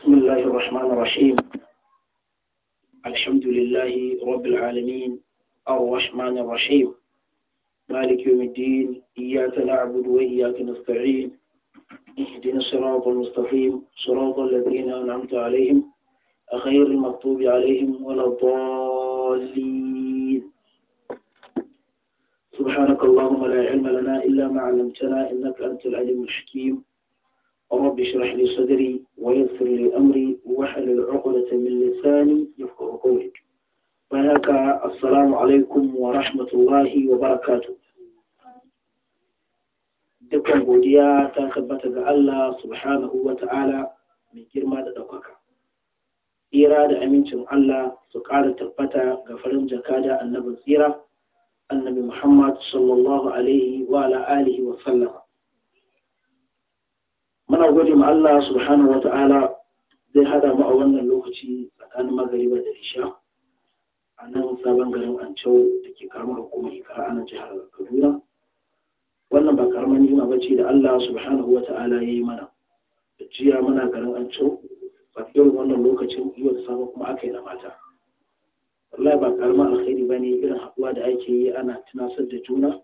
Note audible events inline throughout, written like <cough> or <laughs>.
بسم الله الرحمن الرحيم الحمد لله رب العالمين الرحمن الرحيم مالك يوم الدين إياك نعبد وإياك نستعين اهدنا الصراط المستقيم صراط الذين أنعمت عليهم غير المغضوب عليهم ولا الضالين سبحانك اللهم لا علم لنا إلا ما علمتنا إنك أنت العليم الحكيم رب اشرح لي صدري ويسر لي أمري واحلل عقدة من لساني يفقه قولي وهكا السلام عليكم ورحمة الله وبركاته dukkan godiya ta tabbata ga Allah subhanahu wa ta'ala mai girma da ɗaukaka. Tsira da amincin Allah su ƙara tabbata ga farin jakada annabin tsira, annabi Muhammad sallallahu alaihi wa alihi wa sallama. muna gode ma Allah subhanahu wa ta'ala zai hada mu a wannan lokaci tsakanin magariba da isha a nan sabon garin ancau da ke karamar hukumar ikara a nan jihar kaduna wannan ba karamar nima ba ce da allah subhanahu wa ta'ala ya yi mana da jiya muna garin ancau ba yau wannan lokacin yau da sabon kuma aka yi na mata wallahi ba karamar alkhairi ba ne irin haɗuwa da ake yi ana tunasar da juna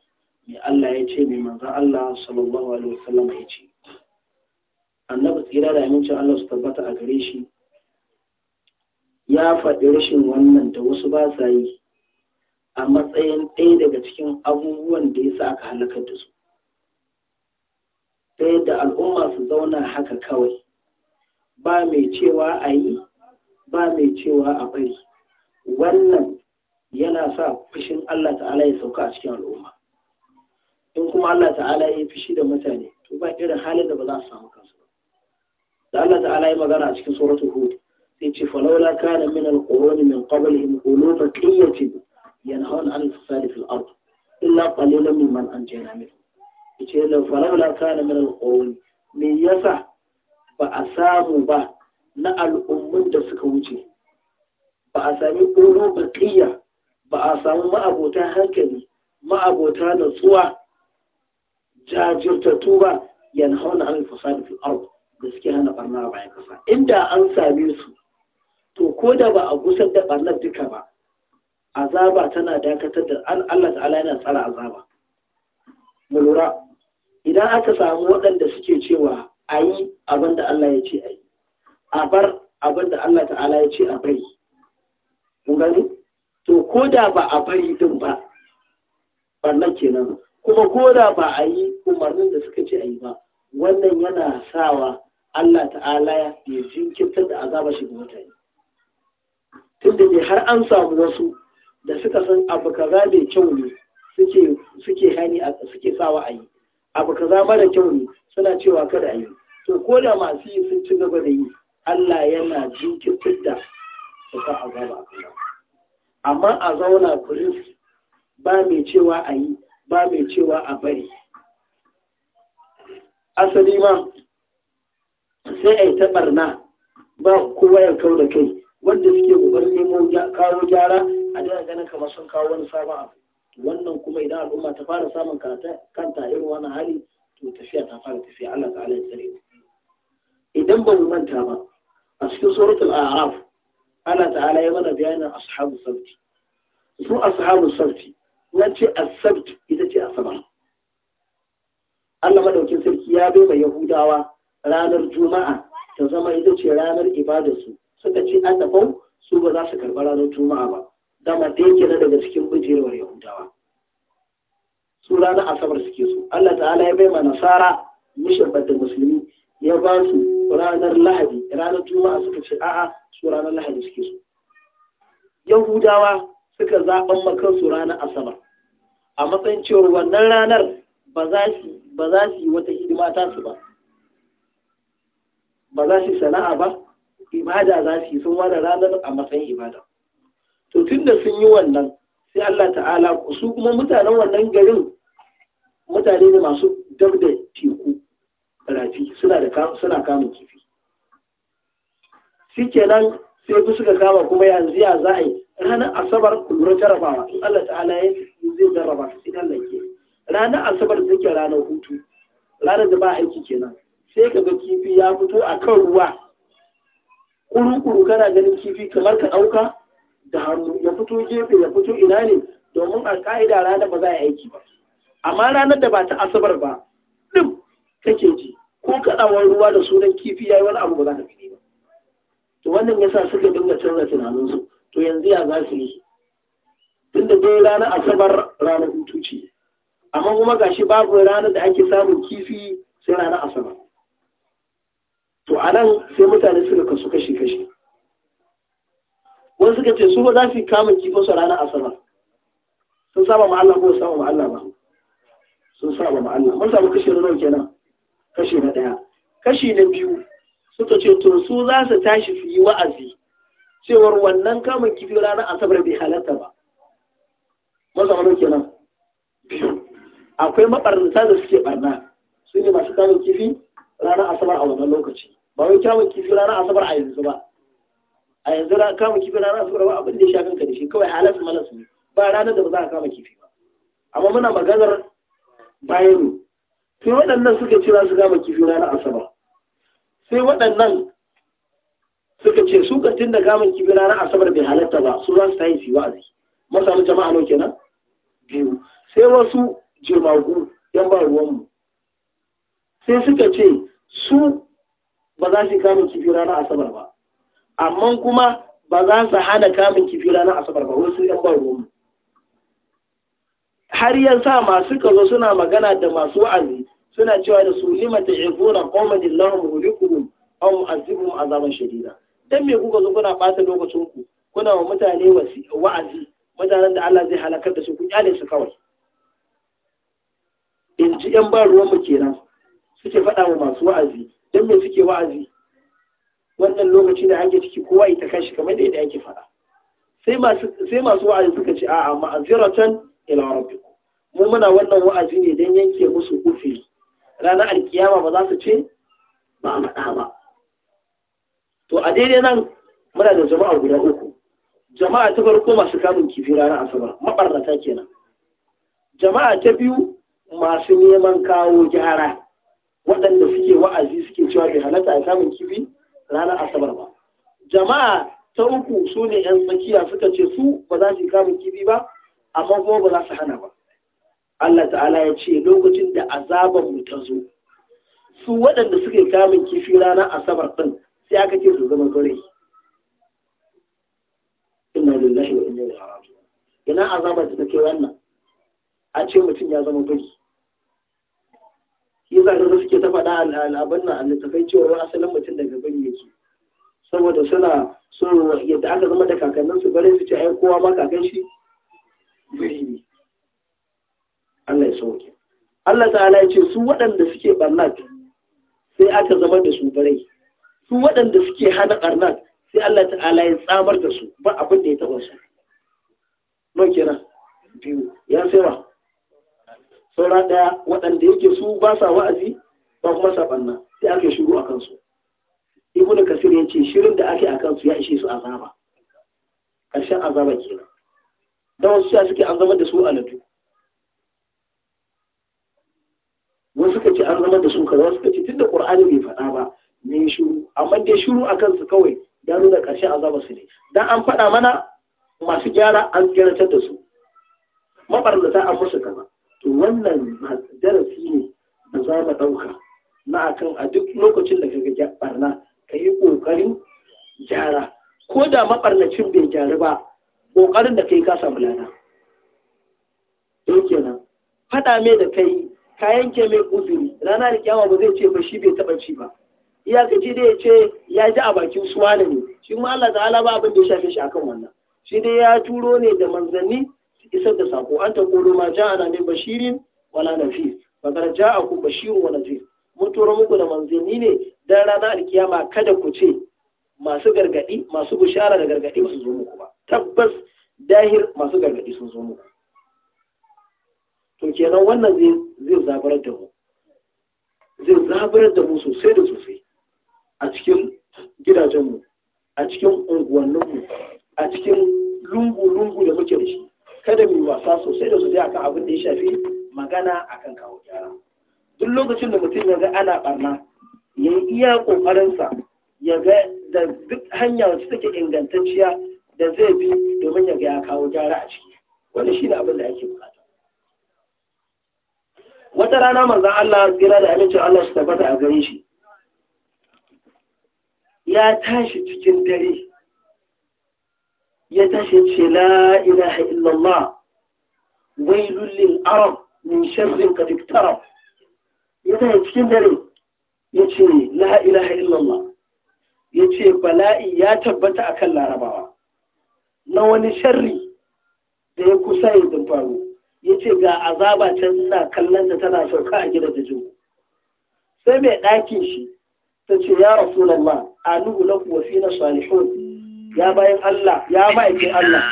mai allah ya ce mai manzan allah sallallahu alaihi wasallam ya ce annabi tsira da amincin Allah su tabbata a gare shi ya faɗi rashin wannan da wasu ba sa yi a matsayin ɗaya daga cikin abubuwan da ya sa aka halakar da su ta yadda al'umma su zauna haka kawai ba mai cewa a yi ba mai cewa a bari wannan yana sa fushin Allah ta'ala ya sauka a cikin al'umma in kuma Allah ta'ala ya fushi da mutane to ba irin halin da ba za su samu kansu ba da Allah ta'ala ya magana a cikin suratul hud sai ce falawla kana min al-quruni min qablihim ulul qiyatin yanhauna 'anil fasadi fil ard illa qalilan mimman anjayna minhum yace la falawla kana min al-quruni me yasa ba a samu ba na al'ummun da suka wuce ba a sami ƙoro baƙiyya ba a samu ma'abota hankali ma'abota natsuwa jajirtattu ba yan hauna an fasadi fil ard gaskiya na hana barna ba ya kasa inda an same su to ko da ba a gusar da barnar duka ba azaba tana dakatar da Allah ta'ala yana tsara azaba mu lura idan aka samu waɗanda suke cewa a yi abin da Allah ya ce a yi a bar abin da Allah ta'ala ya ce a bari Ku gani to ko da ba a bari din ba barnar kenan kuma ko da ba a yi umarnin da suka ce a yi ba wannan yana sawa Allah ta'ala ya jinkirta da azaba shi ga mutane tunda ne har an samu wasu da suka san abu kaza kyau ne suke suke hani suke sawa a yi abu kaza mara kyau ne suna cewa kada a yi to ko da masu yi sun ci gaba da yi Allah yana jinkirtar da suka azaba amma a zauna kuris ba mai cewa a yi ba mai cewa a bari asali ma sai a yi ta barna ba kowa ya kau da kai wanda suke kokarin nemo kawo gyara a daga ganin kamar sun kawo wani sabon abu wannan kuma idan al'umma ta fara samun kanta irin wani hali to tafiya ta fara tafiya Allah ta'ala ya tsare idan ba mu manta ba a cikin suratul a'raf Allah ta'ala ya mana bayanin ashabu sabti su ashabu sabti na ce asabt ita ce asabar Allah madaukin sarki ya bai ma yahudawa ranar juma'a ta zama ita ce ranar ibadarsu suka ce an dafau su ba za su karɓi ranar juma'a ba dama ta yake na daga cikin bijirwar yahudawa su ranar asabar suke so allah ta'ala ya bai ma nasara mushirbar da musulmi ya ba su ranar lahadi ranar juma'a suka ce a'a su ranar lahadi suke so yahudawa suka zaɓan su ranar asabar a matsayin cewar wannan ranar ba za su yi wata hidima ta su ba ba za su sana'a ba ibada za su yi sun ware ranar a matsayin ibada to tun da sun yi wannan sai Allah ta'ala su kuma mutanen wannan garin mutane ne masu dab da teku rafi suna da suna kamun kifi shikenan sai ku suka kama kuma yanzu ya za a yi ranar asabar kullum jarabawa in Allah ta'ala ya zai jarraba sai Allah ke ranar asabar take ranar hutu ranar da ba aiki kenan sai ka ga kifi ya fito a kan ruwa kuru-kuru kana ganin kifi kamar ka ɗauka da hannu ya fito gefe ya fito ina ne domin a ƙa'ida ranar ba za a aiki ba amma ranar da ba ta asabar ba ɗin kake ji ko kaɗawar ruwa da sunan kifi ya yi wani abu ba za ka fi ba to wannan yasa suka dinga canza tunaninsu to yanzu ya za su yi tunda dai ranar asabar ranar hutu ce amma kuma gashi babu ranar da ake samun kifi sai ranar asabar to a nan sai mutane suka kasu kashi kashi wasu suka ce su ba za su kama kifin su ranar asabar sun saba ma ko saba ma ba sun saba ma mun samu kashi na nawa kenan kashi na daya kashi na biyu suka ce to su za su tashi su yi wa'azi cewar wannan kamun kifin ranar asabar bai halatta ba nauke na kenan akwai mabarnata da suke barna su ne masu kama kifi ranar asabar a wannan lokaci ba wai kamun kifi ranar asabar a yanzu ba a yanzu na kama kifi ranar asabar ba abin da ya sha kanka da shi kawai halas malas ne ba ranar da ba za a kama kifi ba amma muna maganar bayan sai waɗannan suka ce za su kama kifi ranar asabar sai waɗannan suka ce su ka tun da kamun kifi ranar asabar bai halatta ba su za su tayi su wa'azi masamu jama'a nau kenan biyu sai wasu jirmagu yan ba ruwanmu sai suka ce su ba za su kamun kifi a asabar ba amma kuma ba za su hana kamun kifi a asabar ba wasu yan ban har yasa masu kazo suna magana da masu wa'azi suna cewa da su lima ta ibuna qauman illahum an aw a azaban shadida dan me kuka zo kuna bata lokacin ku kuna wa mutane wa'azi mutanen da Allah zai halakar da su ku kyale su kawai in ji yan ban ruwan mu kenan suke faɗa wa masu wa'azi dan suke wa'azi wannan lokaci da ake ciki kowa ita kashi kamar da yadda yake faɗa sai masu wa'azi suka ce a'a ma'aziratan ila rabbikum mu muna wannan wa'azi ne don yanke musu kufi ranar alkiyama ba za su ce ba a faɗa ba to a daidai nan muna da jama'a guda uku jama'a ta farko masu kamun kifi ranar asabar mabarnata kenan jama'a ta biyu masu neman kawo gyara waɗanda suke wa'azi cewa bai halatta a samun kifi ranar asabar ba jama'a ta uku su ne yan tsakiya suka ce su ba za su kamun kifi ba amma kuma ba za su hana ba Allah ta'ala ya ce lokacin da azabar mu ta zo su waɗanda suke kamun kifi ranar asabar ɗin sai aka ce su zama gare inna lillahi wa inna ilaihi raji'un ina azabar da take wannan a ce mutum ya zama gari shi yasa da suke ta faɗa al'abar nan annabi cewa asalin mutum daga bari yake saboda suna so yadda aka zama da kakannin su bare su ce ai kowa ma kakan shi biri ne Allah ya sauke Allah ta'ala ya ce su waɗanda suke barnat sai aka zama da su barai. su waɗanda suke hana barnat sai Allah ta'ala ya tsamar da su ba abin da ya taɓa su. Nau kira biyu ya sai saura ɗaya waɗanda yake su ba sa wa'azi ba kuma saɓanna ɓanna sai ake shiru a kansu da kasir ya ce shirin da ake a kansu ya ishe su azaba ƙarshen azaba kenan da wasu ya suke an zama da su aladu wasu suka ce an zama da su kaza suka ce da ƙur'ani bai faɗa ba ne shiru amma dai shiru a kansu kawai ya nuna ƙarshen azaba su ne dan an faɗa mana masu gyara an gyaratar da su mabarnata an musu kaza to wannan darasi ne da za mu ɗauka na akan a duk lokacin da kaga barna ka yi ƙoƙarin gyara ko da maɓarnacin bai gyaru ba ƙoƙarin da kai ka samu lada kenan faɗa mai da kai ka yanke mai uzuri rana da kyawa ba zai ce ba shi bai taɓa ci ba iyakaci dai ya ce ya ji a bakin suwa ne shi ma Allah ta'ala ba abin da ya shafe shi akan wannan shi dai ya turo ne da manzanni isar da sako an ta kodo ma ja ana min bashirin wala ja a ja'aku bashiru wala nazir mun tura muku da manzanni ne dan rana alkiyama kada ku ce masu gargadi masu bushara da gargadi ba su zo muku ba tabbas dahir masu gargadi sun zo muku to kenan wannan zai zabarar da mu zai zabarar da mu sosai da sosai a cikin gidajenmu a cikin unguwanninmu a cikin lungu-lungu da muke da shi kada mu wasa sosai da su dai akan abin da ya shafi magana akan kawo gyara duk lokacin da mutum ya ga ana barna ya yi iya kokarinsa ya ga da duk hanya wacce take ingantacciya da zai bi domin ya ga ya kawo gyara a ciki shi ne abin da ake bukata wata rana manzan Allah tsira da amincin Allah su tabbata a gare shi ya tashi cikin dare ya tashi ce la ilaha illallah wailul lil arab min sharrin qad iqtarab ya tashi cikin dare ya ce la ilaha illallah ya ce bala'i ya tabbata akan larabawa na wani sharri da ya kusa yin dumfaru ya ce ga azaba can ina kallon ta tana sauka a gidan da sai mai ɗakin shi ta ce ya rasulallah a nuhu na kuwa fi na salihun ya bayan Allah ya ma'aikin Allah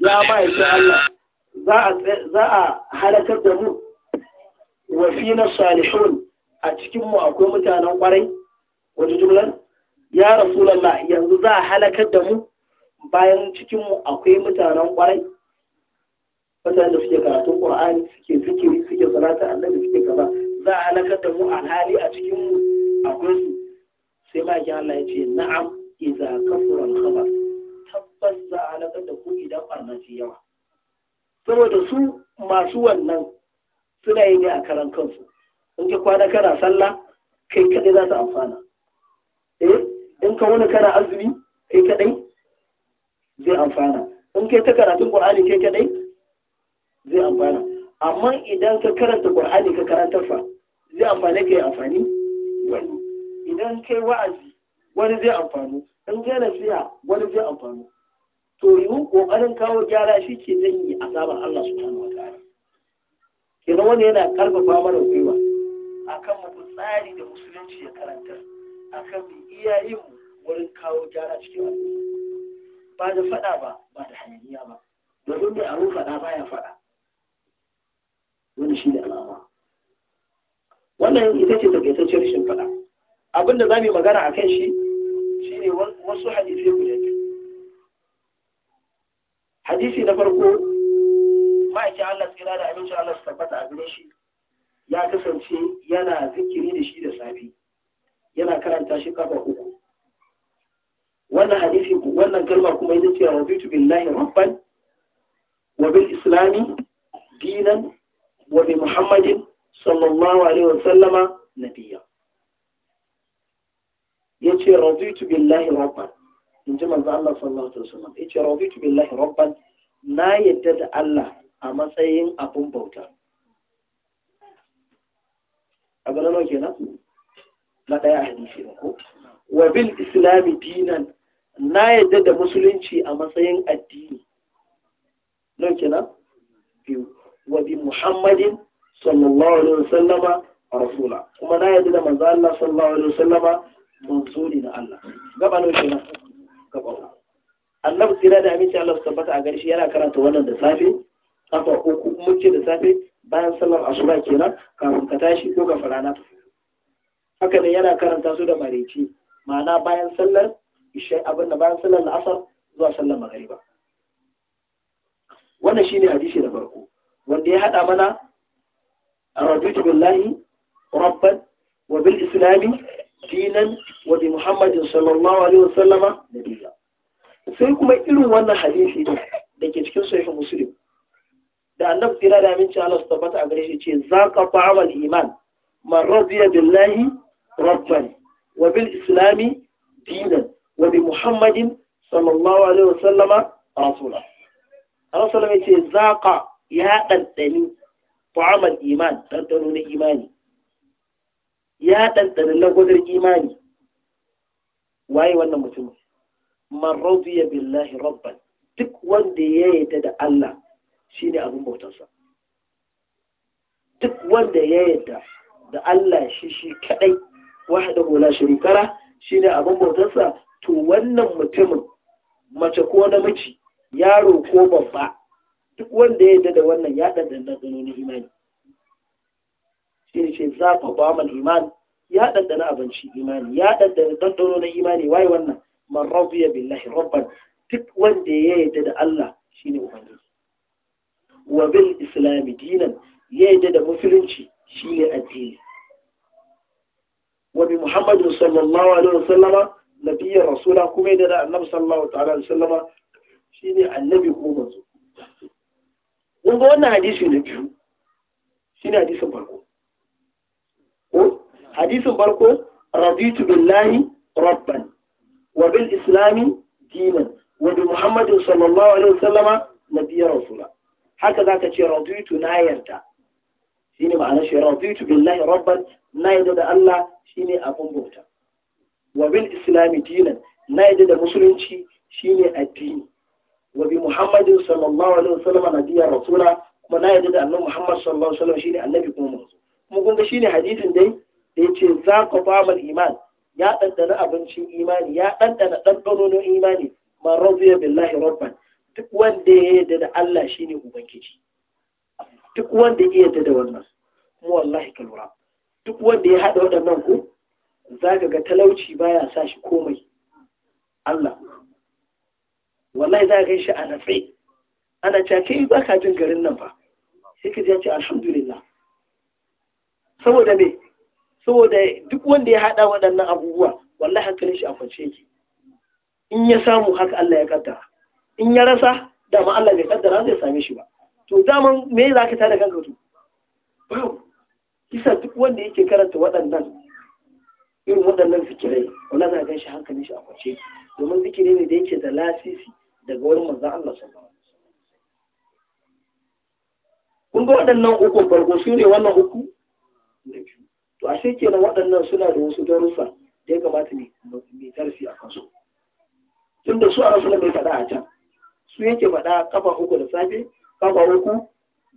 ya ma'aikin Allah za a halakar da mu wa na salihun a cikin mu akwai mutanen kwarai wajen jumlar ya rasu lalla yanzu za a halakar da mu bayan cikin mu akwai mutanen kwarai mutanen da suke karatun qur'ani suke zikiri suke salata annabi suke kaza za a halakar da mu alhali a cikin mu akwai su sai ma Allah ya ce na'am iza kafuran khabar tabbas za a halakar da ku idan barna ce yawa saboda su masu wannan suna yi ne a karan kansu in ka kwana kana sallah kai kaɗai za ta amfana eh in ka wani kana azumi kai kaɗai zai amfana in kai ta karatun qur'ani kai kaɗai zai amfana amma idan ka karanta qur'ani ka karanta fa zai amfane ka yi amfani wani idan kai wa'azi wani zai amfani, in kai siya wani zai amfani. to yiwu kokarin kawo gyara shi ke zai yi sabon Allah subhanahu wataala kenan wani yana karfafa mara gwiwa A kan mu tsari da musulunci ya karanta kan mu iya yin wurin kawo gyara cikin al'umma ba da faɗa ba ba da hayaniya ba domin mai abin faɗa baya faɗa wani shi da alama wannan ita ce takaitaccen rashin faɗa abin da za mu yi magana a kan shi shi ne wasu hadisi guda biyu hadisi na farko ma'aikin Allah tsira da abincin Allah su tabbata a gare shi ya kasance yana zikiri da shi da safe yana karanta shi kafa uku wannan hadisi wannan kalma kuma ita ce rabitu billahi rabban wa bil islami dinan wa bi muhammadin sallallahu alaihi wa sallama nabiyya ya ce raditu billahi rabban in ji manzo Allah sallallahu alaihi wasallam ya ce raditu billahi rabban na yadda da Allah a matsayin abun bauta abu na nau kenan na ɗaya hadisi ne ko wa bil islam dinan na yadda da musulunci a matsayin addini nau kenan biyu wa bi muhammadin sallallahu alaihi wasallama rasula kuma na yadda da manzo Allah sallallahu alaihi wasallama manzo ne na Allah gaba ne kenan gaba annabi sai da aminci Allah su tabbata a garshi yana karanta wannan da safe kafa uku mun ce da safe bayan sallar asuba kenan kafin ka tashi ko ka farana haka ne yana karanta su da mareci ma'ana bayan sallar ishe, abin da bayan sallar asar zuwa sallar magariba wannan shine hadisi da farko wanda ya hada mana raditu billahi rabban wa bil islami dinan wa bi Muhammadin sallallahu alaihi wasallama nabiyya sai kuma irin wannan hadisi da ke cikin sahih muslim da annabi kira da aminci Allah su tabbata a gare shi ce za ka fa'al iman man radiya billahi rabban wa bil islami dinan wa bi Muhammadin sallallahu alaihi wa wasallama rasula Allah sallama ce za ka ya ɗanɗani fa'al iman ɗanɗano na imani ya ɗanɗana na imani waye wannan mutumin man radiya billahi rabban duk wanda ya yarda da Allah shine abin bautarsa duk wanda ya yarda da Allah shi shi kadai wahdahu la sharika la shine abin bautarsa to wannan mutumin mace ko namiji yaro ko babba duk wanda ya yarda da wannan ya ɗanɗana na imani ce za ka ba mal iman ya ɗanɗana abinci imani ya ɗanɗana ɗanɗano na imani waye wannan man radiya billahi rabban duk wanda ya yarda da Allah shine ubangiji wa bil islami dinan ya yarda da musulunci shine addini wa bi muhammadin sallallahu alaihi wasallama nabiyyi rasula kuma yarda da annabi sallallahu ta'ala alaihi wasallama shine annabi ko manzo kun ga wannan hadisi na biyu shine hadisin farko hadisin farko raditu billahi rabban wa bil islami dinan wa bi muhammadin sallallahu alaihi wasallama nabiyar rasula haka zaka ce raditu na yarda shine ma'ana shi raditu billahi rabban na yarda da Allah shine abun bauta wa bil islami dinan na yarda da musulunci shine addini wa bi muhammadin sallallahu alaihi wasallama nabiyar rasula kuma na yarda da annabi muhammad sallallahu alaihi wasallam shine annabi kuma manzo kuma kun ga shine hadisin dai da ya za ka fama iman ya ɗanɗana abincin imani ya ɗanɗana ɗanɗanonin imani man razuya billahi rabban duk wanda ya yarda da Allah shine ubangiji duk wanda ya yarda da wannan mu wallahi ka lura duk wanda ya haɗa waɗannan ku za ka ga talauci baya sa shi komai Allah wallahi za ka shi a nafe. ana cewa kai ba ka jin garin nan ba sai ka ji ce alhamdulillah saboda me saboda duk wanda ya haɗa waɗannan abubuwa wallahi hankalin shi a kwance yake in ya samu haka Allah ya kaddara in ya rasa ma Allah bai kaddara zai same shi ba to zaman me za ka tada kanka to kisa duk wanda yake karanta waɗannan irin waɗannan fikirai, wala za gan shi hankalin shi a kwance domin zikiri ne da yake da lasisi daga wurin manzon Allah sallallahu alaihi wasallam kun ga waɗannan uku farko su ne wannan uku biyu to ashe kenan waɗannan suna da wasu darussa da ya kamata ne mai darasi a kansu tun da su a rasulun bai faɗa a can su yake faɗa kafa uku da safe kafa uku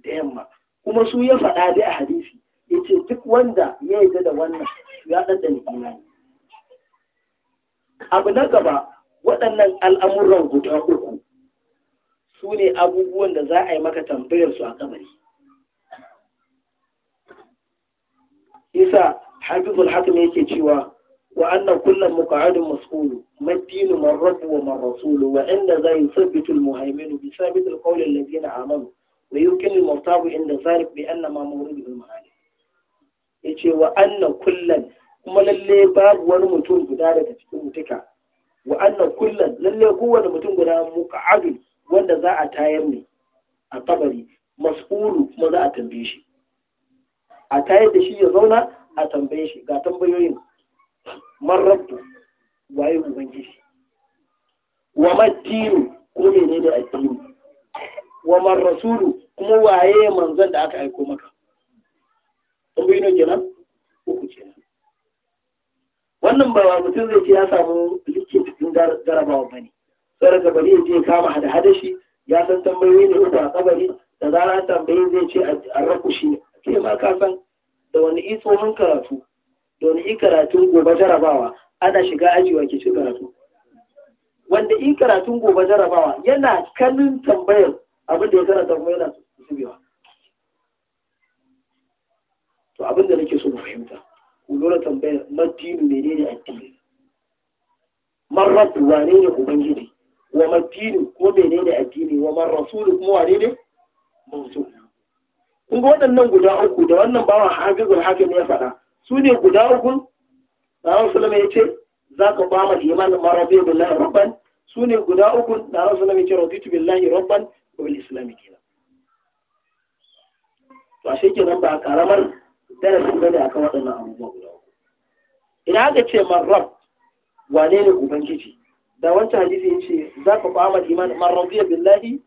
da yamma kuma su ya faɗa dai a hadisi ya ce duk wanda ya yi da wannan ya ɗaɗɗan imani abu na gaba waɗannan al'amuran guda uku su ne abubuwan da za a yi maka tambayar su a kabari yasa hafizul hakim yake cewa wa anna kullam muqa'adun mas'ul madinu man wa man wa inda zai yuthabbitu al bi sabit alqawl alladhi alladhina amanu wa yumkin al inda zalik bi anna ma muridu al-ma'ani yace wa anna kullan kuma lalle babu wani mutum guda daga cikin mutuka wa annan kullum lalle kowane mutum guda muqa'adun wanda za a tayar ne a kabari mas'ulu kuma za a tambaye shi a tayar da shi ya zauna a tambaye shi ga tambayoyin man waye ubangiji wa madinu ko menene addini wa man rasulu kuma waye manzon da aka aiko maka tambayoyin kenan uku kenan wannan ba mutum zai ce ya samu likin cikin garabawa ba ne sai da bari ya je kama hada hada shi ya san tambayoyi ne uku a kabari da zara tambayi zai ce a rakushi shi ne ke ma ka san da wani i tsohon karatu da wani ikaratun karatun gobe jarabawa ana shiga aji wa ke ci karatu wanda in karatun gobe jarabawa yana kanin tambayar abin da ya karanta kuma yana zubewa to abin da nake so mu fahimta ku lura tambayar madinu menene addini man rabbu wane ne ubangiji wa madinu ko menene addini wa man rasulu kuma wane ne kuma waɗannan guda uku da wannan bawan hafizul hakim ya faɗa su ne guda uku da Allah sallama ya ce za ka ba ma iman marabi billahi rabban su ne guda uku da Allah sallama ya ce raditu billahi rabban wa bil islami kenan to ashe kenan ba karamar darasin bane akan waɗannan abubuwa guda uku ina aka ce marrab wane ne ubangiji da wancan hadisi ya ce za ka ba ma iman marabi billahi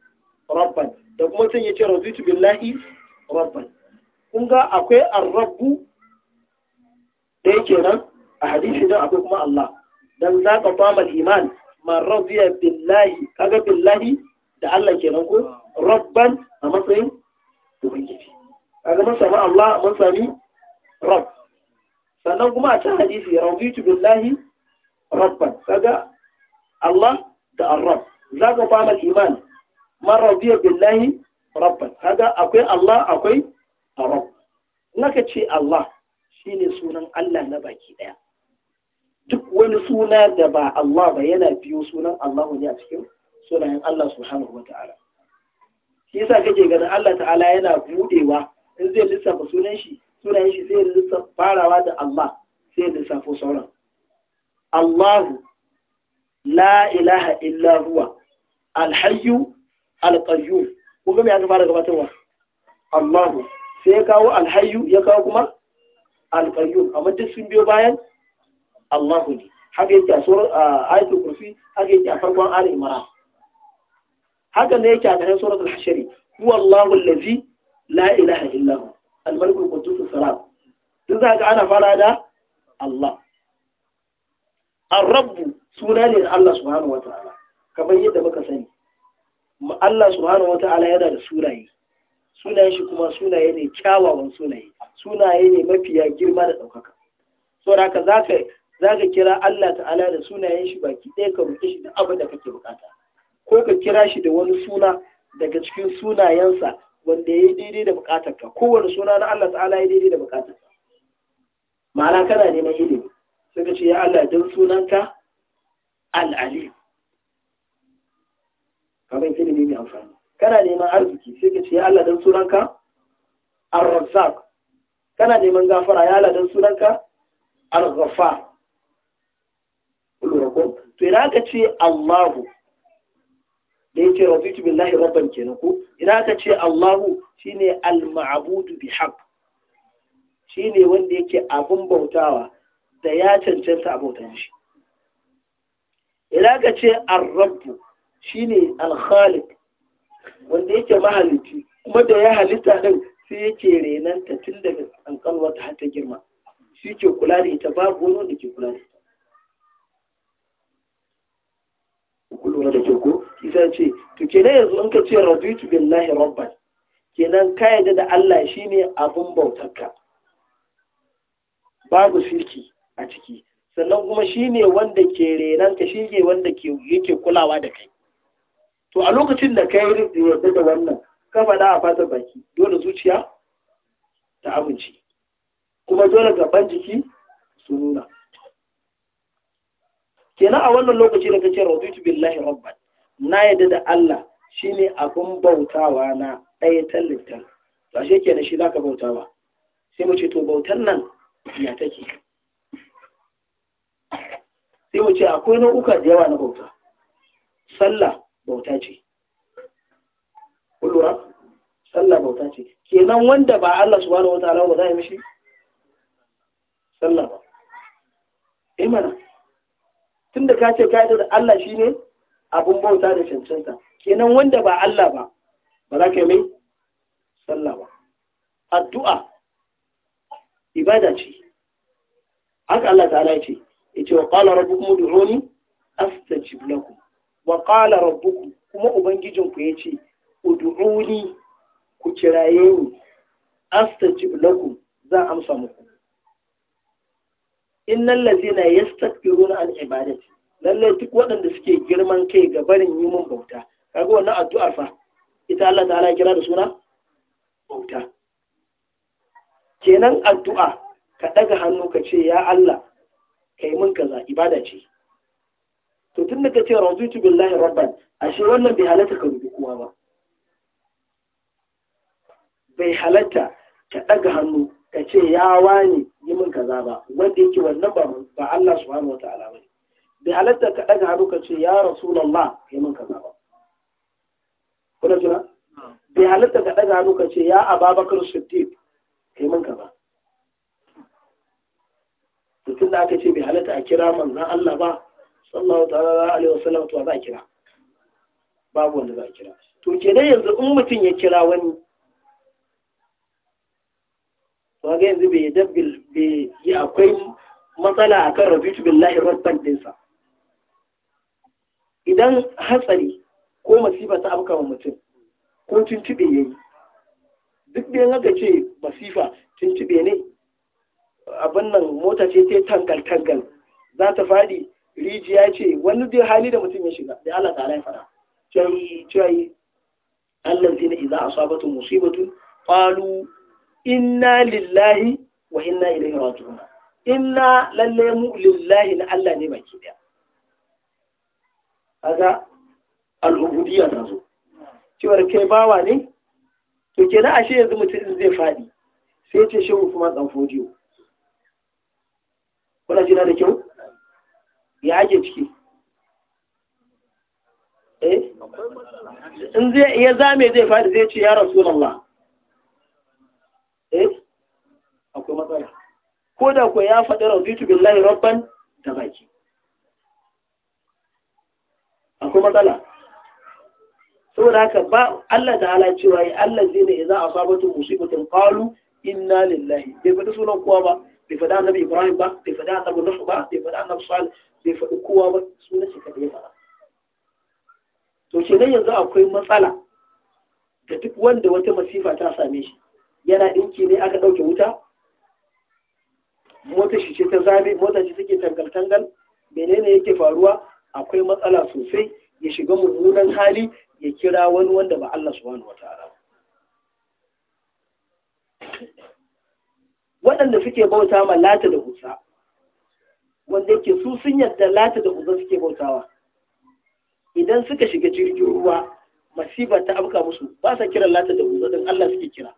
rabban da kuma tun ya ce raditu billahi rabban kun ga akwai ar-rabbu da yake nan a hadisi dan akwai kuma Allah za ka fama iman man radiya billahi kaga billahi da Allah kenan ko rabban a matsayin ubangiji kaga mun sami Allah mun sami rab. sannan kuma a can hadisi raditu billahi rabban kaga Allah da arrab za ka fama iman man radiya billahi rabban kaga akwai Allah akwai rabb naka ce Allah shine sunan Allah na baki daya duk wani suna da ba Allah ba yana biyo sunan Allah ne a cikin sunayen Allah subhanahu wata'ala shi yasa kake ga Allah ta'ala yana budewa in zai lissafa sunan shi sunayen shi zai lissafa farawa da Allah sai safo sauran Allahu la ilaha illa huwa alhayyu qayyum ko ga me aka fara gabatarwa Allahu sai ya kawo alhayyu ya kawo kuma alqayyum amma duk sun biyo bayan Allahu ne haka yake a tsoron a ayatul kurfi haka yake a farkon ali imran haka ne yake a ƙarshen tsoron Alhashari. huwa Allahu allazi la ilaha illa hu al-malik al-quddus salam duk zaka ana fara da Allah ar-rabb suna ne Allah subhanahu wataala kamar yadda muka sani Allah subhanahu wata'ala yana da sunaye sunayen shi kuma sunaye ne kyawawan sunaye sunaye ne mafiya girma da ɗaukaka So haka zaka zaka kira Allah ta'ala da sunayen shi baki ɗaya ka roƙe shi da abin da kake bukata ko ka kira shi da wani suna daga cikin sunayensa wanda ya yi daidai da bukatarka kowane suna na Allah ta'ala ya daidai da bukatarka ma'ana kana neman ilimi sai ka ce ya Allah don sunanka al'alim yake ilimi mai amfani kana neman arziki sai ka ce ya Allah dan sunanka ar-razzaq kana neman gafara ya Allah dan sunanka al-ghaffar kullu ko to idan ka ce Allahu da yake rabitu billahi rabban kenan ko idan ka ce Allahu shine al-ma'budu bi haqq shine wanda yake abun bautawa da ya cancanta a bautan shi idan ka ce ar-rabbu shine alkhalik wanda yake mahalici kuma da ya halitta ɗin sai yake renanta tun daga kankanwa ta hata girma shi ke kula da ita babu wani da ke kula da ita kulura da ke ko isa ce to kenan yanzu in ka ce raditu billahi rabban kenan ka yadda da Allah shine abun bautarka babu shirki a ciki sannan kuma shine wanda ke renanta shi ne wanda yake kulawa da kai to a lokacin da ka yi yadda da wannan ka faɗa a fata baki dole zuciya ta amince kuma dole gaban jiki su nuna kenan a wannan lokaci da kace raditu billahi rabban na yadda da Allah shine abin bautawa na ɗaya tallintan to ashe kenan shi zaka bauta ba sai mu ce to bautar nan ya take sai mu ce akwai nau'uka da yawa na bauta sallah bauta ce kullura sallah bauta ce kenan wanda ba Allah su subhanahu wata ba za a yi mishi sallah ba E mana tunda ka ce ka da Allah shine abun bauta da cancanta kenan wanda ba Allah ba ba za ka yi mai sallah ba addu'a ibada ce haka Allah ta'ala ya ce ya ce wa qala rabbukum ud'uni astajib lakum wa qala ku! kuma ubangijinku ya ce, Udu'uni ku kiraye ni astajib lakum zan amsa muku In innal na yastakbiruna an ibadati lalle duk waɗanda suke girman kai ga barin yi mun bauta kaga wannan addu'ar fa ita Allah ta ta'ala kira da suna bauta kenan addu'a ka ɗaga hannu ka ce ya Allah kai mun kaza ibada ce to tun da ka ce raditu billahi rabban ashe wannan bai halatta ka rubi kowa ba bai halatta ka ɗaga hannu ka ce ya wani yi min kaza ba wanda yake wannan ba ba Allah subhanahu wataala ba bai halatta ka ɗaga hannu ka ce ya rasulullah yi min kaza ba kuna jira bai halatta ka ɗaga hannu ka ce ya ababakar siddiq yi min kaza tun da aka ce bai halatta a kira manzon Allah ba sallallahu ta'ala alaihi wasallam to za a kira babu wanda za a kira to ke dai yanzu in mutum ya kira wani wa ga yanzu bai yadda bai yi akwai matsala akan rabitu billahi rabban dinsa idan hatsari ko masifa ta afka wa mutum ko tuntube yayi duk da yanzu ce masifa tuntube ne abin nan mota ce ta tangal tangal za ta fadi rijiya ce wani dai hali da mutum ya shiga da Allah ta'ala ya fara cewa cai Allah zina idza asabatu musibatu qalu inna lillahi wa inna ilaihi raji'un inna lalle mu lillahi na Allah ne baki daya kaga al'ubudiyya ta zo cewa kai bawa ne to kenan ashe yanzu mutum zai faɗi sai ce shehu kuma tsanfodiyo kuna jina da kyau ya ake ciki eh? in zai ya zame zai faɗi zai ce ya rasulallah eh akwai matsala ko da kuwa ya faɗi raditu billahi rabban da baki akwai matsala saboda haka ba Allah da ala cewa ya Allah zai ne idza asabatu musibatin qalu inna lillahi bai faɗi sunan kowa ba bai annabi ibrahim ba bai annabi nuhu ba bai annabi salih bai faɗi kowa ba suna shi kaɗai ya faɗa to yanzu akwai matsala ga duk wanda wata masifa ta same shi yana ɗinki ne aka ɗauke wuta motar shi ce ta zabe motar shi take tangal-tangal menene yake faruwa akwai matsala sosai ya shiga mummunan hali ya kira wani wanda ba Allah subhanahu wataala waɗanda suke bauta ma lata da uzza wanda yake su sun yadda lata da uzza suke bautawa idan suka shiga jirgin ruwa masifa ta abuka musu ba sa kiran lata da uzza don Allah suke kira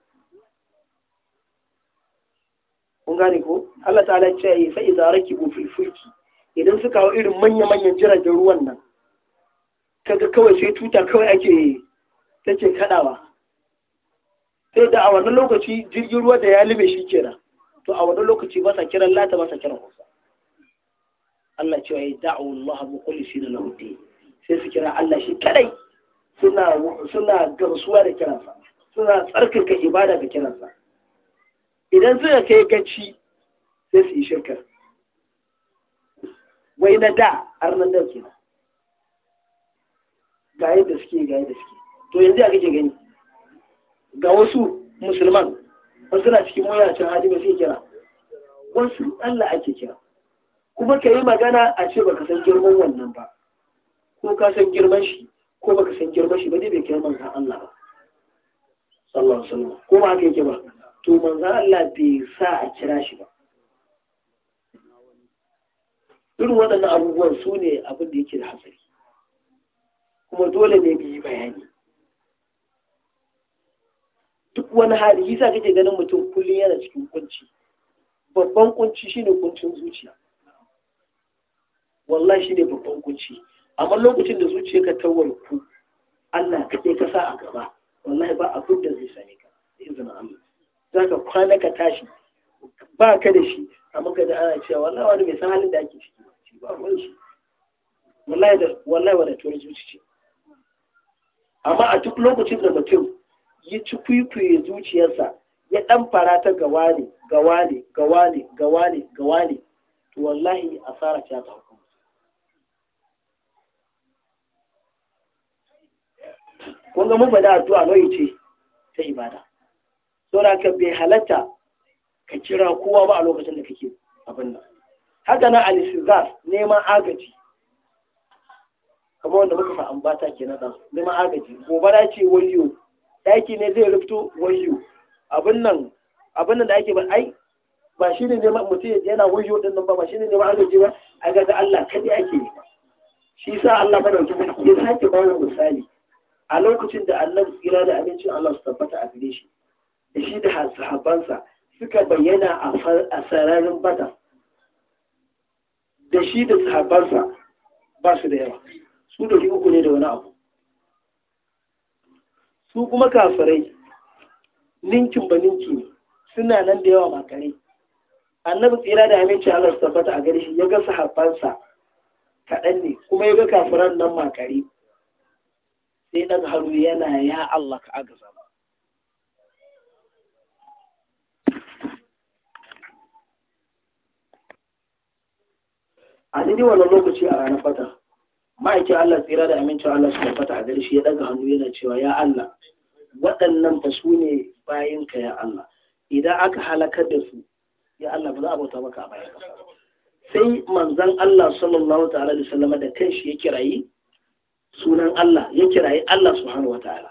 kun gane ko Allah halarci ya ce sai idza raki fil fulki idan suka hau irin manya-manyan jiragen ruwan nan kaga kawai sai tuta kawai ake take kadawa sai da a wannan lokaci jirgin ruwa da ya lube shi kenan to a wani lokaci ba sa kiran lata ba sa kiran usa Allah cewa ya da'a Allah shi da din sai su kira Allah shi kadai suna suna gamsuwa da kiransa suna tsarkake ibada da kiransa idan suka kai gaci sai su yi shirka wai na da har nan da kenan ga yadda suke ga yadda suke to yanzu a kake gani ga wasu musulman wasu na cikin mawuyacin hali ba sai kira wasu Allah ake kira kuma ka yi magana a ce baka san girman wannan ba ko ka san girman shi ko baka san girman shi ba dai bai kai manzan Allah ba sallallahu alaihi wasallam ko ma haka yake ba to manzan Allah bai sa a kira shi ba irin waɗannan abubuwan su ne abin da yake da hatsari kuma dole ne mu yi bayani wani hali yasa kake ganin mutum kullum yana cikin kunci babban kunci shine kuncin zuciya wallahi shine babban kunci amma lokacin da zuciya ka tawalku Allah ka ka sa a gaba wallahi ba abin da zai same ka izinin Allah zaka kwana ka tashi ba ka da shi amma ka da ana cewa wallahi wani bai san halin da ake ciki ba wani shi wallahi da wallahi wani tuwar zuciya amma a duk lokacin da mutum yi ci zuciyarsa ya ɗan fara ta gawa ne gawa ne gawa ne gawa ne gawa ne to wallahi asara ta ta hukuma kun ga mun bada addu'a nau'i ce ta ibada saboda ka bai halatta ka kira kowa ba a lokacin da kake abin nan haka na alisizar neman agaji kamar wanda muka fa ambata ke da neman agaji gobara ce waliyo daki ne zai rufto wayo abin nan abin nan da ake ba ai ba shi ne neman mutum yana wayo din nan ba ba shi ne aka ji ba a ga Allah kadi ake yi shi sa Allah madauki sarki ya sake ba mu misali a lokacin da annabi tsira da abincin Allah su tabbata a gare shi da shi da sahabbansa suka bayyana a sararin bada da shi da sahabbansa ba su da yawa su da uku ne da wani abu su kuma kafirai ninkin ba ninki suna nan da yawa makare annabi tsira da aminci Allah tabbata a gare shi ya ga sahabbansa kaɗan ne kuma ya ga kafiran nan makare sai ɗan haru yana ya Allah ka agaza a daidai wannan lokaci a ranar fata ma'aikin Allah tsira da amincin Allah su tabbata a gare shi ya daga hannu yana cewa ya Allah waɗannan fa su ne bayinka ya Allah idan aka halakar da su ya Allah ba za a bauta maka a bayan sai manzon Allah sallallahu ta'ala da sallama da kanshi ya kirayi sunan Allah ya kirayi Allah subhanahu wataala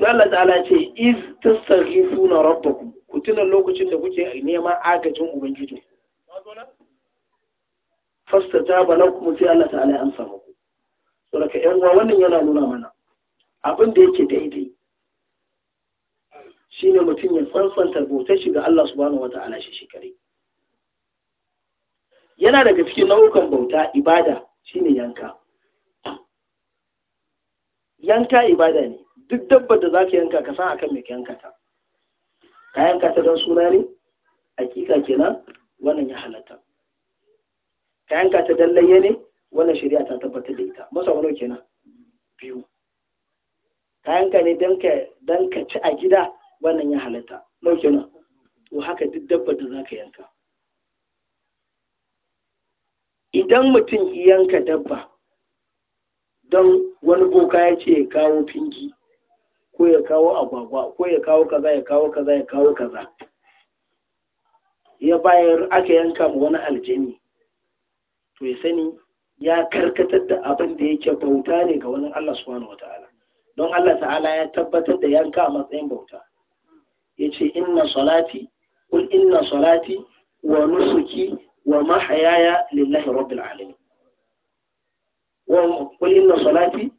sai Allah ta'ala ce iz tastaghifuna rabbakum ku tuna lokacin da kuke neman agajin ubangiji fasta ta na kuma sai Allah ta'ala ya amsa muku so daga yan uwa wannan yana nuna mana abin da yake daidai shine mutum ya tsantsanta bautar shi ga Allah subhanahu wata'ala shi shi yana daga cikin nau'ukan bauta ibada shine yanka yanka ibada ne duk dabbar da zaka yanka ka san akan me yanka ta ka yanka ta don suna ne hakika kenan wannan ya halatta ka ta dallaye ne wannan shari'a ta tabbatar da ita masa wani kenan biyu ka yanka ne don ka ci a gida wannan ya halatta nau kenan to haka duk dabbar da za ka yanka idan mutum yanka dabba don wani boka ya ce ya kawo fingi ko ya kawo agwagwa ko ya kawo kaza ya kawo kaza ya kawo kaza ya bayar aka yanka ma wani aljini to ya sani ya karkatar da abin da yake bauta ne ga wani Allah subhanahu wataala don Allah ta'ala ya tabbatar da yanka a matsayin bauta ya ce inna salati kul inna salati wa nusuki wa mahayaya lillahi rabbil alamin kul inna salati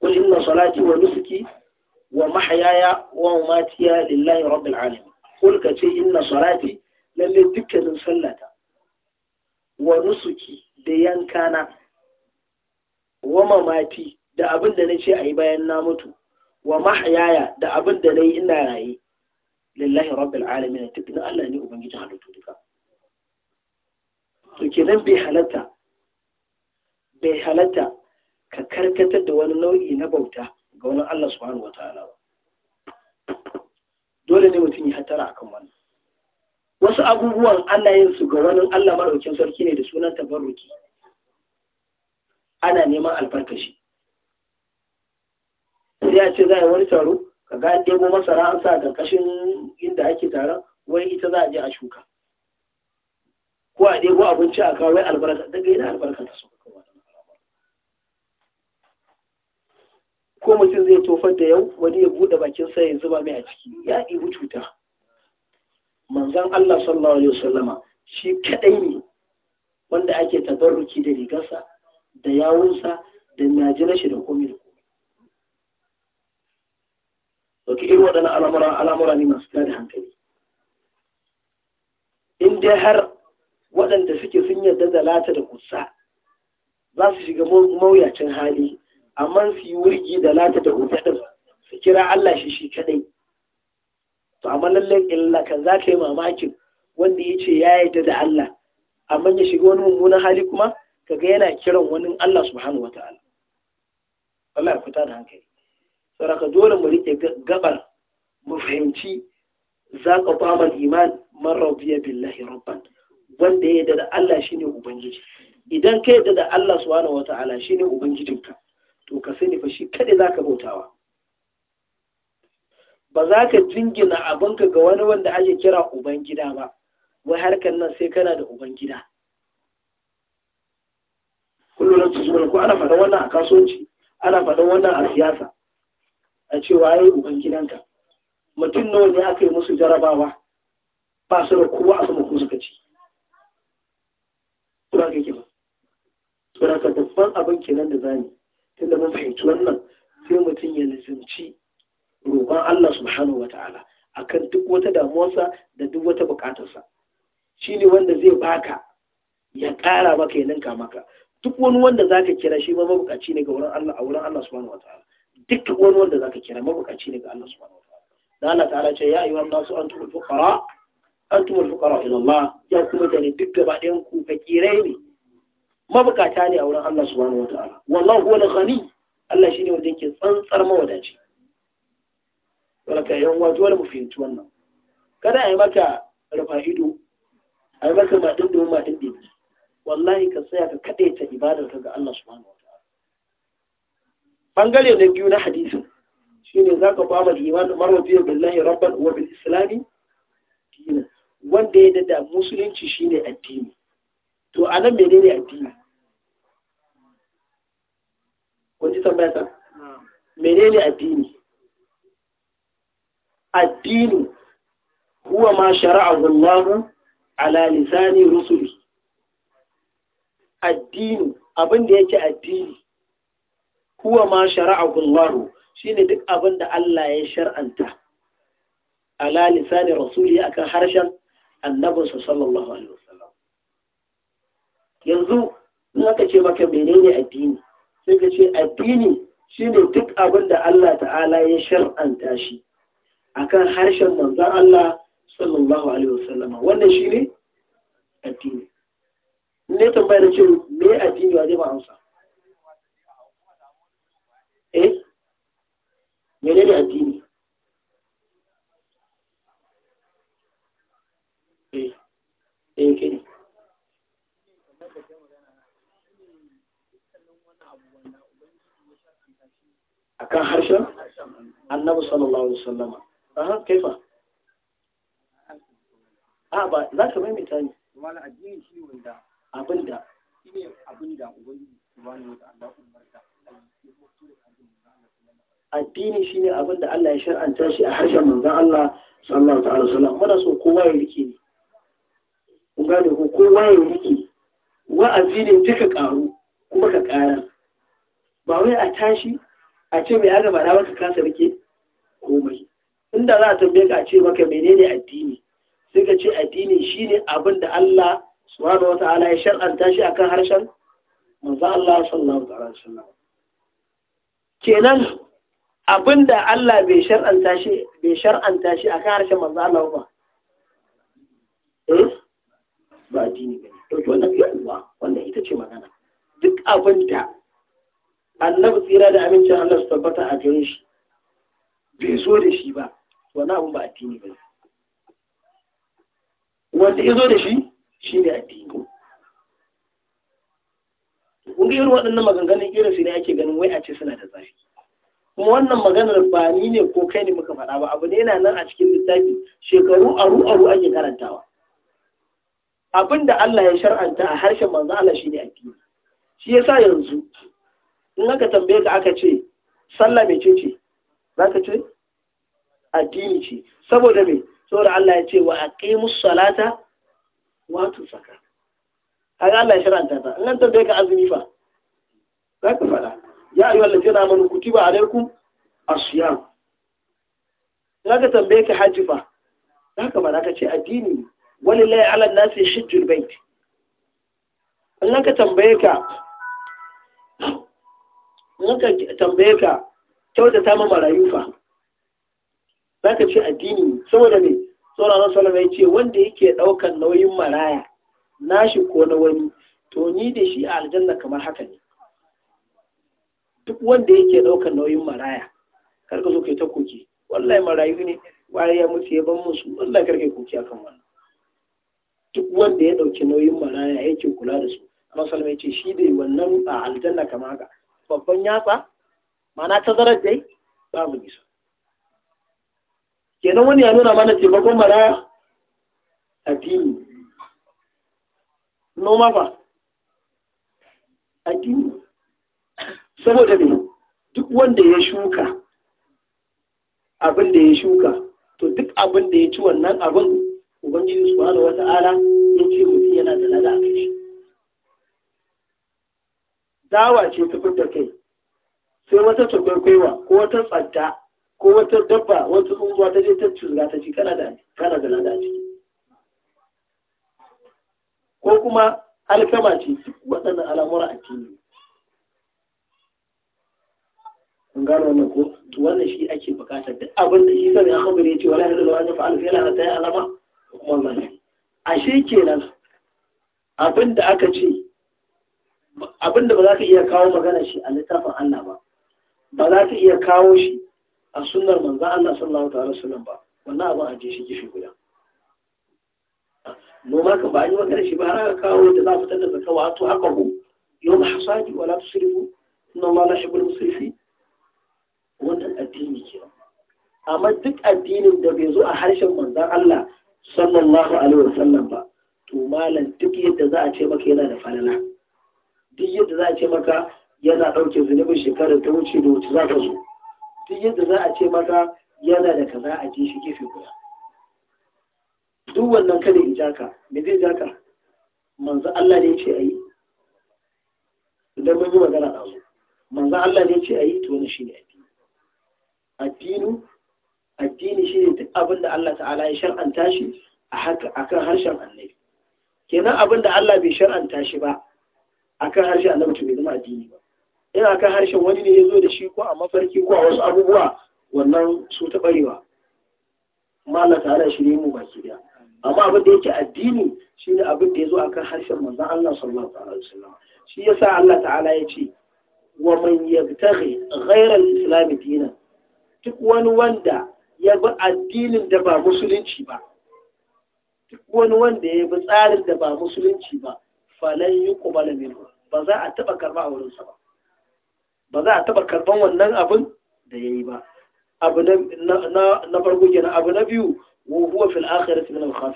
kul inna salati wa nusuki wa mahayaya wa mamatiya lillahi rabbil alamin kul ka ce inna salati lalle dukkanin sallata wa nusuki da yankana wa mamati da abin da na ce a yi bayan na mutu wa mahayaya da abin da na yi ina raye lillahi rabbil alamin duk Allah ne ubangijin halittu duka to kenan bai halatta bai halatta ka karkatar da wani nau'i na bauta ga wani Allah subhanahu wataala ba dole ne mutum ya hatara akan wannan wasu abubuwan ana yin su ga wani Allah maraukin sarki ne da sunan tabarruki ana neman shi. sai ya ce za a yi wani taro ka ga ɗebo masara an sa ƙarƙashin inda ake taron wai ita za a je a shuka ko a ɗebo abinci a kawo wai albarka daga yana albarka ta suka kawo ko mutum zai tofar da yau wani ya buɗe bakin sa ya zuba mai a ciki ya ɗibi cuta manzon Allah sallallahu alaihi wasallama shi kadai ne wanda ake tabarruki da rigarsa da yawunsa da najirar shi da komai da komai wato irin waɗannan al'amura al'amura ne masu da hankali in dai har waɗanda suke sun yarda da lata da kusa za su shiga mawuyacin hali amma su yi wurgi da lata da kusa ɗin su kira Allah shi shi kadai to amma lallai illa kan za ka yi mamakin wanda ya ce ya yarda da Allah amma ya shiga wani mummunan hali kuma ka ga yana kiran wani Allah subhanahu wataala Allah ya fita da hankali saraka dole mu rike gabar mu fahimci za ka fama iman man radiya billahi rabban wanda ya yarda da Allah shine ubangiji idan ka yarda da Allah subhanahu wataala shine ubangijinka to ka sani fa shi kada zaka bautawa ba za ka jingina abinka ga wani wanda ake kira ubangida ba wai harkar nan sai kana da ubangida kullum su zuwa ko ana faɗa wannan a kasuwanci ana faɗa wannan a siyasa a cewa ya yi ubangidanka mutum nawa ne aka yi musu jarabawa ba su da kowa a sama ko suka ci kuma ka ba. kima ka babban abin kenan da zani tunda mun fahimci wannan sai mutum ya lizimci roƙon Allah subhanahu wa ta'ala akan duk wata damuwarsa da duk wata buƙatarsa shi ne wanda zai baka ya ƙara maka ya ninka maka duk wani wanda za ka kira shi ma mabuƙaci ne ga wurin Allah a wurin Allah subhanahu ta'ala duk wani wanda za ka kira mabuƙaci ne ga Allah subhanahu ta'ala da Allah ta'ala ce ya ayyuhan nasu antumul fuqara antumul fuqara ila Allah ya kuma da duk gaba ɗayan ku fakirai ne mabukata ne a wurin Allah subhanahu ta'ala wallahu huwal ghani Allah shine wanda yake tsantsar mawadaci baraka yan uwa dole mu fahimci wannan kada a yi maka rufa ido a yi maka maɗin domin da yi wallahi ka tsaya ka kaɗaita ibadar ka ga Allah subhanahu wa ta'ala bangare na biyu na hadisin shine zaka ba mu iman marwazi billahi rabban wa bil islami dinan wanda ya dada musulunci shine addini to anan menene addini kun ji tambaya ta menene addini addinu huwa ma shara'ahu Allah ala lisani rusuli addinu abin da yake addini kuwa ma shara'ahu shi ne duk abin da Allah ya shar'anta ala lisani rasuli akan harshen annabinsa sallallahu alaihi wasallam yanzu in aka ce maka menene addini sai ka ce addini shine duk abin da Allah ta'ala ya shar'anta shi akan harshen manzan Allah sallallahu alaihi wasallama wannan shi ne addini ne tambaya da ce me addini wa zai ba amsa eh mene ne addini eh eh kene akan harshen annabi sallallahu alaihi wasallama A'a ba za ka maimaita ne addini shi ne wanda da Allah ya shar'anta shi a harshen manzon Allah sallallahu ta'ala muna so kowa ya rike ne ku gane ko kowa ya rike karu kuma ka kara ba wai a tashi a ce mai aga ba na baka kasa rike komai inda za a tambaye ka a ce maka menene addini sai ka ce addini shine abin da Allah subhanahu wata'ala ya shar'anta shi akan harshen manzo Allah sallallahu alaihi wasallam kenan abin da Allah bai shar'anta shi bai shar'anta shi akan harshen manzo Allah ba eh ba addini ba to wannan Allah wannan ita ce magana duk abin da annabi tsira da amincin Allah su tabbata a gare shi bai zo da shi ba wani abun ba addini ba wanda ya zo da shi shi ne addini kun ga irin waɗannan maganganun irin su ne ake ganin wai a ce suna da zafi kuma wannan maganar ba ni ne ko kai ne muka faɗa ba abu ne yana nan a cikin littafi shekaru aru aru ake karantawa abin da Allah ya shar'anta a harshen manzo Allah shine addini shi yasa yanzu in aka tambaye ka aka ce sallah mece ce ka ce addini ce saboda me saboda Allah ya ce wa aqimus salata wa tu a kaga Allah ya sharanta ta an an tambaye ka azumi fa zaka fada ya ayyuhal ladina a kutiba alaikum as za ka tambaye ka haji fa zaka fada ka ce addini walillahi ala nasi shijjul bait in ka tambaye ka in ka tambaye ka kyautata ma marayu fa za ka ce addini ne saboda me sauraron salama ya ce wanda yake ɗaukan nauyin maraya nashi ko na wani to ni da shi a aljanna kamar haka ne duk wanda yake ɗaukan nauyin maraya karka zo kai ta koki wallahi marayu ne waye ya mutu ya ban musu wallahi karka koki akan wannan duk wanda ya ɗauki nauyin maraya yake kula da su salama ya ce shi da wannan a aljanna kamar haka babban yatsa ma'ana tazarar dai babu nisa kenan wani ya nuna mana taimakon mara addini noma ba addini saboda ne duk wanda ya shuka abin da ya shuka to duk abin da ya ci wannan abin ubangiji wata ala, ya ce mutum yana da nada a kai shi dawa ce ta fitar kai sai wata ta ko wata tsadda ko wata dabba wata tsuntsuwa ta je ta cizga ta ci kana da kana da lada ko kuma alkama ce waɗannan al'amura addini kun gano wannan ko wannan shi ake buƙatar duk abin da shi sani a kamar ya ce wala ya zama wani fa'al fiye da ta yi alama kuma mani ashe kenan abin da aka ce abin da ba za ka iya kawo magana shi a littafin Allah ba ba za ka iya kawo shi a sunnar manzan Allah sallallahu wa sunan ba wannan abin a shi gishi guda noma ka bayan an yi shi ba har aka kawo da za a fitar da zakka wa to haka ku yau ma hasadi wala tusrifu inna Allah la yuhibbul musrifin wannan addini ke amma duk addinin da bai zo a harshen manzan Allah sallallahu alaihi wa sallam ba to malam duk yadda za a ce maka yana da falala duk yadda za a ce maka yana ɗauke zunubin shekarar ta wuce da wuce za ka zo duk yadda za a ce maka yana da kaza a ji shi gefe guda duk wannan kada in ja ka me zai ja ka manzo Allah ne ce ayi idan mun yi magana a su manzo Allah ne ce ayi to ne shine addini addini addini shine duk abin da Allah ta'ala ya shar'anta shi a haka akan harshen annabi kenan abin da Allah bai shar'anta shi ba akan harshen annabi to bai zama addini ba in aka harshen wani ne ya zo da shi ko a mafarki ko a wasu abubuwa wannan su ta barewa Allah ta'ala shi ne mu baki daya amma abin da yake addini shi ne abin da ya zo akan harshen manzan Allah sallallahu alaihi wasallam shi yasa Allah ta'ala ya ce wa man yabtaghi ghayra al-islam dinan duk wani wanda ya bi addinin da ba musulunci ba duk wani wanda ya bi tsarin da ba musulunci ba falan yuqbal minhu ba za a taba karba a wurinsa ba ba za a taɓa karɓan wannan abin da ya yi ba na farko kenan abu na biyu wa fil akhirat min al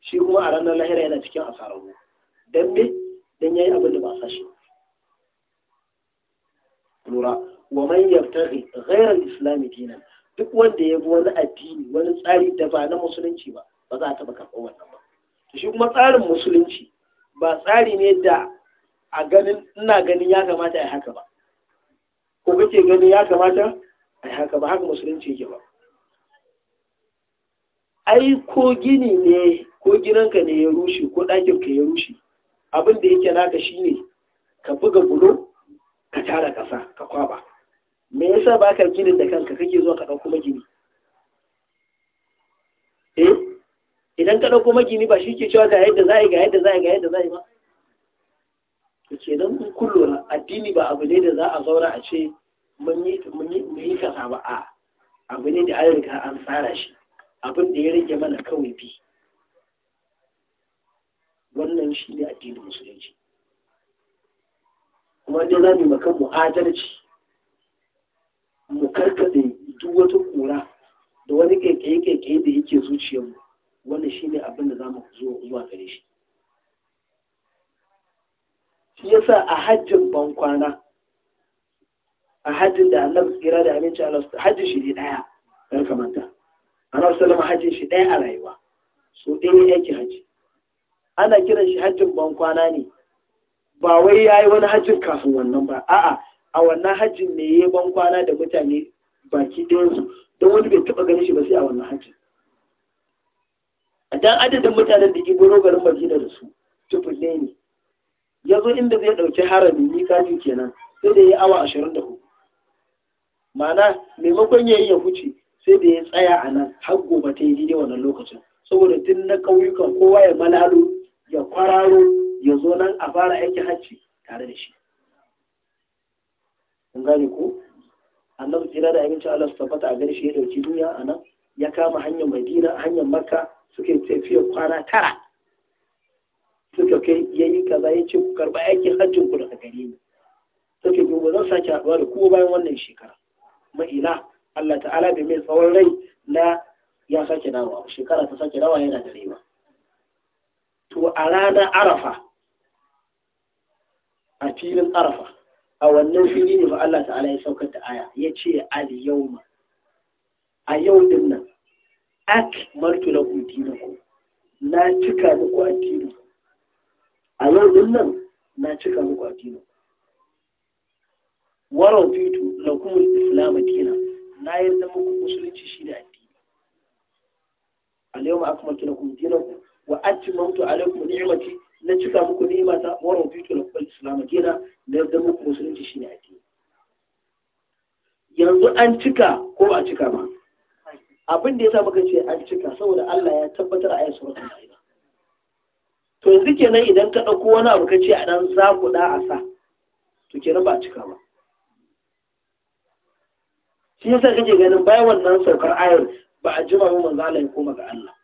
shi kuma a ranar lahira yana cikin asararu dan me dan yayi abin da ba sa shi lura wa man yabtaghi ghayra al-islam dinan duk wanda ya bi wani addini wani tsari da ba na musulunci ba ba za a taɓa karɓar wannan ba to shi kuma tsarin musulunci ba tsari ne da a ganin ina ganin ya kamata ya haka ba ko kake gani ya kamata ai haka ba haka musulunci yake ba ai ko gini ne ko gidanka ne ya rushe ko ɗakin ka ya rushe abin da yake naka shine ka buga bulo ka tara ƙasa ka kwaba me yasa ba ka ginin da kanka kake zuwa ka ɗauko magini eh idan ka ɗauko magini ba shi ke cewa ga yadda za a yi ga yadda za a yi ga yadda za a yi ba kenan in kullum addini ba abu ne da za a zaura a ce mun yi kasa ba a abu ne da an riga an tsara shi abin da ya rage mana kawai bi wannan shi ne addinin musulunci kuma dai za mu makan mu adalci mu karkade duk wata kura da wani kaikaye-kaikaye da yake zuciyarmu wannan shine ne abin da za zo zuwa gare shi shi yasa a hajjin bankwana a hajjin da Allah tsira da aminci Allah hajjin shi ne daya kar ka manta wasu salama hajjin shi daya a rayuwa so ɗaya ne yake hajji ana kiran shi hajjin bankwana ne ba wai ya yi wani hajjin kafin wannan ba a'a a wannan hajjin ne ya yayi bankwana da mutane baki ɗayansu don wani bai taɓa ganin shi ba sai a wannan hajjin a dan adadin mutanen da ke garin Madina da su tufin ne ya zo inda zai ɗauki harami mikati kenan sai da ya awa ashirin da hudu ma'ana maimakon ya yi ya huce sai da ya tsaya a nan har gobe ta yi daidai wannan lokacin saboda tun na ƙauyukan kowa ya malalo ya kwararo ya zo nan a fara aikin hajji tare da shi kun gane ko annabi tsira da abinci Allah su tabbata a gari shi ya dauki duniya a nan ya kama hanyar Madina hanyar Makka suke tafiya kwana tara suka kai yayi kaza ya ce ku karba aikin hajjin ku daga gare ni suka ce ba zan sake haɗuwa da ko bayan wannan shekara ma'ila Allah ta'ala bai mai tsawon rai na ya sake dawa shekara ta sake dawa yana da rewa to a ranar arafa a filin arafa a wannan fili ne fa Allah ta'ala ya saukar da aya ya ce al-yawma a yau din nan ak martu lakum dinakum na cika muku addini a yau nan na cika muku addini waran fito na kuma islamu dina na yarda muku musulunci shi da addini al-yawma akmaltu lakum dinakum wa atmamtu wani ni'mati na cika muku ta waran fito na kuma islamu dina na yarda muku musulunci shi da addini yanzu an cika ko a cika ba abin da ya sa muka ce an cika saboda Allah ya tabbatar a ayat suratul to yanzu kenan idan ka ɗauko wani abu ka ce a ɗan ɗa a sa to kenan ba a cika ba shi yasa kake ganin bayan wannan saukar ayar ba a jima min manzo Allah ya koma ga Allah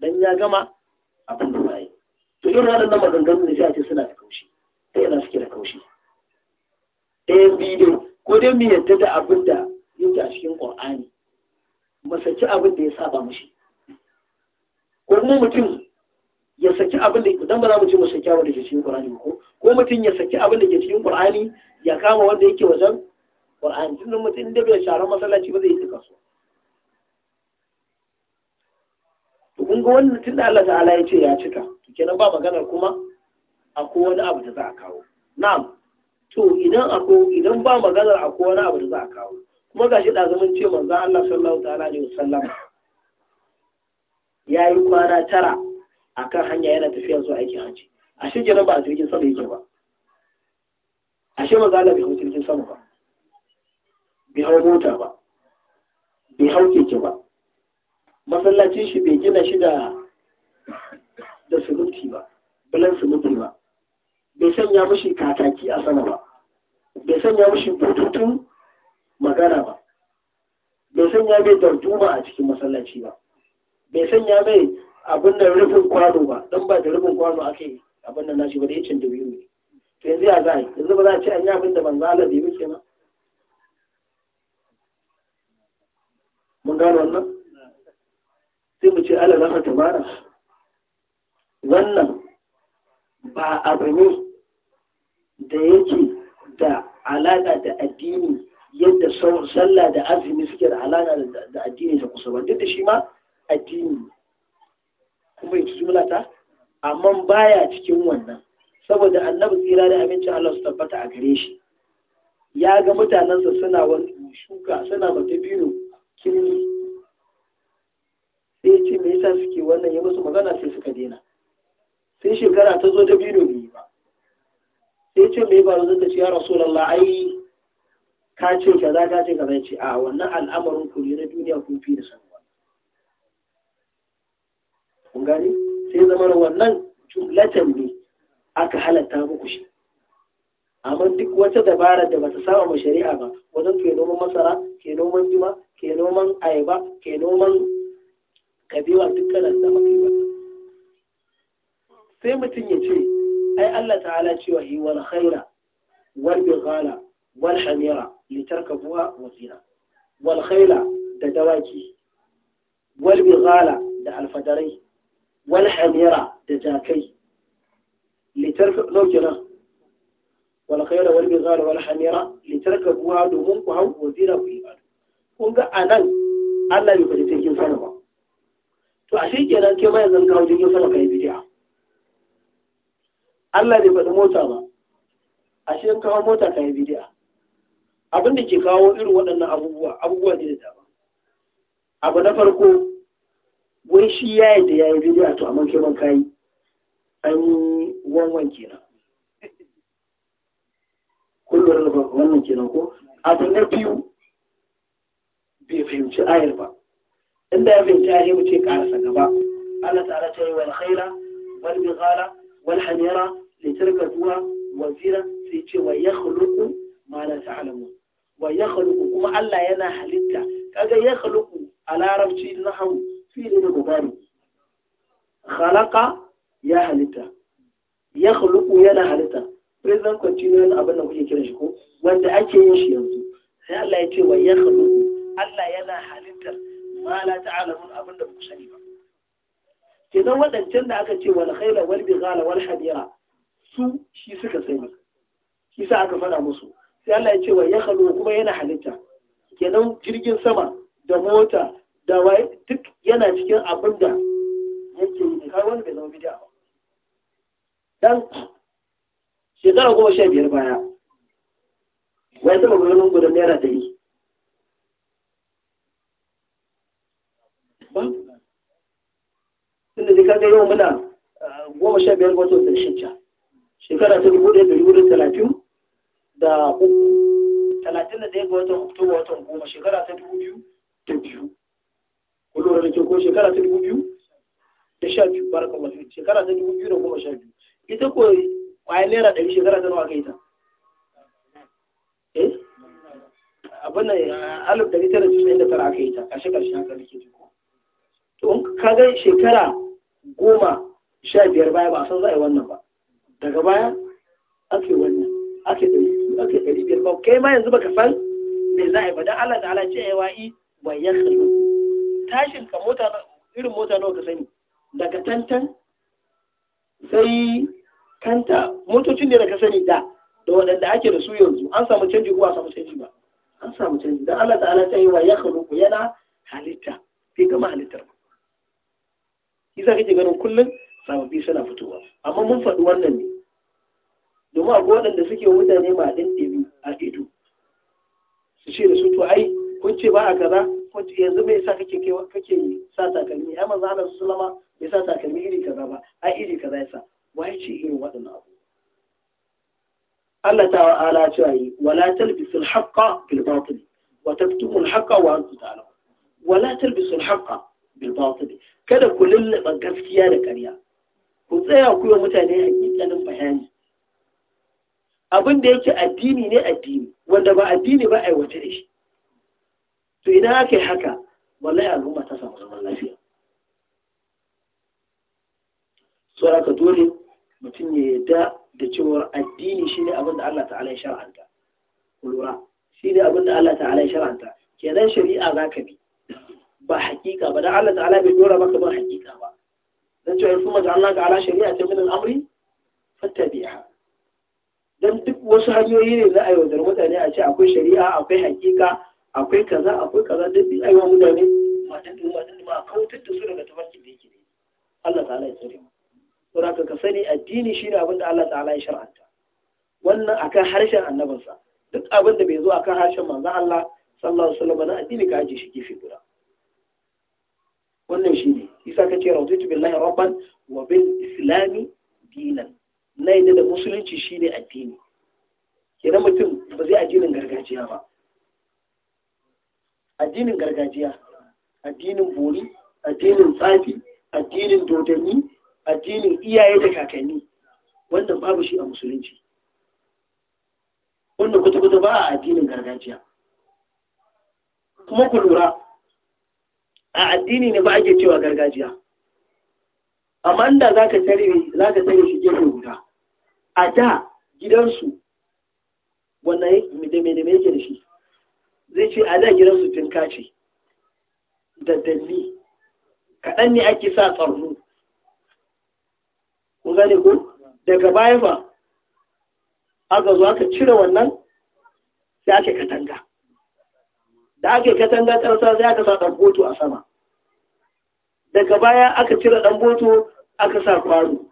dan ya gama abin da bai to irin waɗannan maganganun da sai a ce suna da kaushi ta yana suke da kaushi ɗaya bidiyo ko dai mu yadda da abin da yake a cikin Ƙur'ani? mu abin da ya saba mushi ko mu mutum ya saki abin da dan ba za mu ce mu saki abin da ke cikin Qur'ani ko ko mutum ya saki abin da ke cikin Qur'ani ya kama wanda yake wajen Qur'ani din mutum da bai sharar masallaci ba zai yi kaso to kun ga wannan da Allah ta'ala ya ce ya cika to kenan ba maganar kuma akwai wani abu da za a kawo na'am to idan akwai idan ba maganar akwai wani abu da za a kawo kuma gashi da zaman ce manzo Allah sallallahu ta'ala alaihi wasallam yayi kwana tara akan hanya yana tafiya zuwa aikin hajji ashe kenan ba a jirgin sama yake ba ashe maza Allah bai hau jirgin sama ba bai hau mota ba bai hau keke ba masallacin shi bai gina shi da da suminti ba bilan suminti ba bai sanya mashi kataki a sama ba bai sanya mashi bututun magana ba bai sanya mai darduma a cikin masallaci ba bai sanya mai abin da rufin kwano ba don ba da rufin kwano aka yi abin da nashi ba da yacin da biyu ne to yanzu ya za yi yanzu ba za a ce an yi abin da ban Allah bai wuce ma mun gano wannan sai mu ce Allah zaka tabara wannan ba abu ne da yake da alaƙa da addini yadda sallah da azumi suke da alaƙa da addini da kusa ba duk da shi ma addini kuma yin jumla ta amma baya cikin wannan saboda annabi tsira da abincin Allah su tabbata a gare shi ya ga mutanensa suna wani shuka suna mata biro kirli sai ce me yasa suke wannan ya musu magana sai suka daina sai shekara ta zo da biro ne ba sai ce me ba zan ta ce ya rasulullah ai ka ce kaza ka ce kaza ce a wannan al'amarin kuri na duniya kun fi da sanwa sai zama da wannan jumlatan ne aka halatta muku shi amma duk wata dabara da bata samu ma shari'a ba wajen ke noman masara ke noman jima ke noman ayaba ke noman kabewa dukkanin da mafi sai mutum ya ce ai Allah ta'ala cewa hi wal khaira wal bighala wal hamira litarkabuha wa zina wal khaila da dawaki wal bighala da alfadarai wal hamira da jakai litarka ɗaukinan wal khaira wal bizar wal hamira litarka buwa domin ku hau wa zira ku ibadu kun ga anan Allah bai fadi cikin sama to a shi kenan ke ma yanzu ka hau sama kai bidiya Allah bai faɗi mota ba a shi ka mota kai bidiya abin da ke kawo irin waɗannan abubuwa abubuwa ne da dama abu na farko wai shi ya yi da ya yi bidiya to amma kai ban kayi an yi wanwan kenan kullum da wannan kenan ko abu na biyu bai fahimci ayar ba inda ya fahimci ayar ce karasa gaba Allah ta'ala ta yi wal khaira wal bighala wal zuwa wazira sai ce wa ya khuluqu ma la alamu wa ya khuluqu kuma Allah yana halitta kaga ya khuluqu a larabci na hau Fili ne mubari khalaqa ya halitta ya khuluqu yana halitta present continuous abin da kuke kiran shi ko wanda ake yin shi yanzu sai Allah ya ce wa ya khuluqu Allah yana halitta ma la ta'lamun abin da ku sani ba kenan wadancan da aka ce wal khayla wal bighala wal hadira su shi suka sani shi sa aka fada musu sai Allah ya ce wa ya khuluqu kuma yana halitta kenan jirgin sama da mota da waye duk yana cikin abin da yake yi kai wani bai zama bidiya ba dan shekara goma sha biyar baya wai sama gudunin gudan naira dari tunda da da yau muna eh, goma sha biyar watan shi ca shekara ta dubu ɗaya da dubu talatin da uku talatin da ɗaya ga watan oktoba watan goma shekara ta dubu biyu da biyu kullum da ke ko shekara ta dubu biyu da sha biyu baraka mafi shekara ta dubu biyu da kuma sha biyu ita ko kwayar naira ɗari shekara ta nawa kai ta eh abin nan alif ɗari tara cikin da tara aka yi ta kashe ƙarshe haka da ke jiko to in ka ga shekara goma sha biyar baya ba a san za a yi wannan ba daga baya ake wannan ake ɗari ake ɗari biyar ba kai ma yanzu baka san me za a yi ba don Allah ta'ala a yi wa'i wa ya khalifu tashin ka mota irin mota nawa ka sani daga tantan sai kanta motocin da ka sani da da waɗanda ake da su yanzu an samu canji ko a samu canji ba an samu canji dan Allah ta'ala ta yi wa ya khuluqu yana halitta bai gama halittar ba yasa kake ganin kullum sababbi suna fitowa amma mun faɗi wannan ne domin akwai waɗanda suke mutane ma ɗin ɗibi a ido su ce da su to ai kun ce ba a kaza yanzu bai sa kake kewa kake sa takalmi ai manzo Allah sallama mai sa takalmi iri kaza ba ai iri kaza ya sa wai ce irin waɗannan abu Allah ta'ala cewa yi wala talbisul haqqa bil batil wa taktumul haqqa wa antum ta'lamun wala talbisul haqqa bil batil kada ku lullaba gaskiya da ƙarya ku tsaya ku yi mutane ƙiƙanin bayani abin da yake addini ne addini wanda ba addini ba aiwata da shi to idan aka yi haka wallahi al'umma ta samu zaman lafiya so haka dole mutum ya da da cewar addini shine abin da Allah ta'ala ya shar'anta kulura shine abin da Allah ta'ala ya shar'anta kenan shari'a ka bi ba hakika ba da Allah ta'ala bai dora maka ba hakika ba dan cewa kuma da Allah ta'ala shari'a ta min amri amri fattabi'ha dan duk wasu hanyoyi ne za a yi wa mutane a ce akwai shari'a akwai hakika akwai kaza akwai kaza duk bi aiwa mutane matan da matan ma Akwai da su daga tafarkin da yake Allah ta'ala ya tsare mu saboda ka sani addini shine abin da Allah ta'ala ya shar'anta wannan akan harshen annabinsa duk abin da bai zo akan harshen manzo Allah sallallahu alaihi wasallam na addini ka aje shi gefe guda wannan shine isa ce rawtu billahi rabban wa bil islami dinan na yadda da musulunci shine addini kenan mutum ba zai addinin gargajiya ba addinin gargajiya addinin bori addinin tsafi addinin dodanni addinin iyaye da kakanni wannan babu shi a musulunci wannan kwata-kwata ba a addinin gargajiya kuma ku lura a addini ne ba ake cewa gargajiya amma inda za ka tsare shi gefe guda a da gidansu wannan mai yake da shi zai ce a zai gidan su tinka ce da dalli kaɗan ne ake sa tsarnu ku gane ku daga baya ba aka zo aka cire wannan sai ake katanga da ake katanga ƙarsa sai aka sa ɗan boto a sama daga baya aka cire ɗan boto aka sa kwano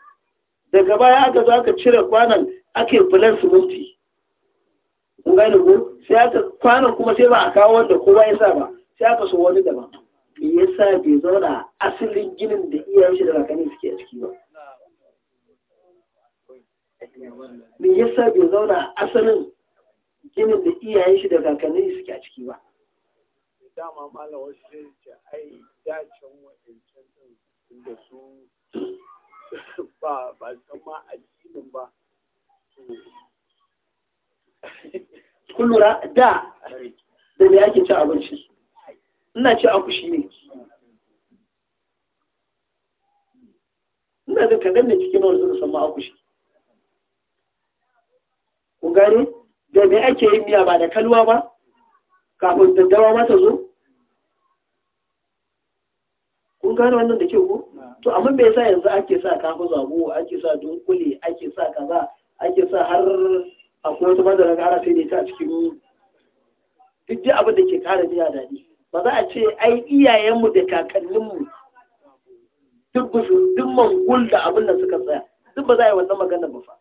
daga baya aka zo aka cire kwanan ake bulan siminti kun gane ko sai aka kwana kuma sai ba a kawo wanda kowa ya sa ba sai aka so wani daban me yasa bai zauna asalin ginin da iyayen shi da kakanni suke a ciki ba me yasa bai zauna asalin ginin da iyayen shi da kakanni suke a ciki ba dama mala wasu sai ce ai dacin wa'ancan din da su <laughs> ba ba san ma addinin ba kun lura da da me ake ci abinci ina ci akushi ne ina da kadan ne cikin wani suka samu akushi ku gane da me ake yin miya ba da kalwa ba kafin daddawa ma ta zo kun gane wannan da ke ku to amma me yasa yanzu ake sa kafa zabo ake sa dunkule ake sa kaza ake sa har akwai wasu madara ana sai da ita a cikin duk dai abin da ke kare miya daɗi ba za a ce ai iyayenmu da kakanninmu duk bushu duk mangul da abin da suka tsaya duk ba za a yi wannan magana ba fa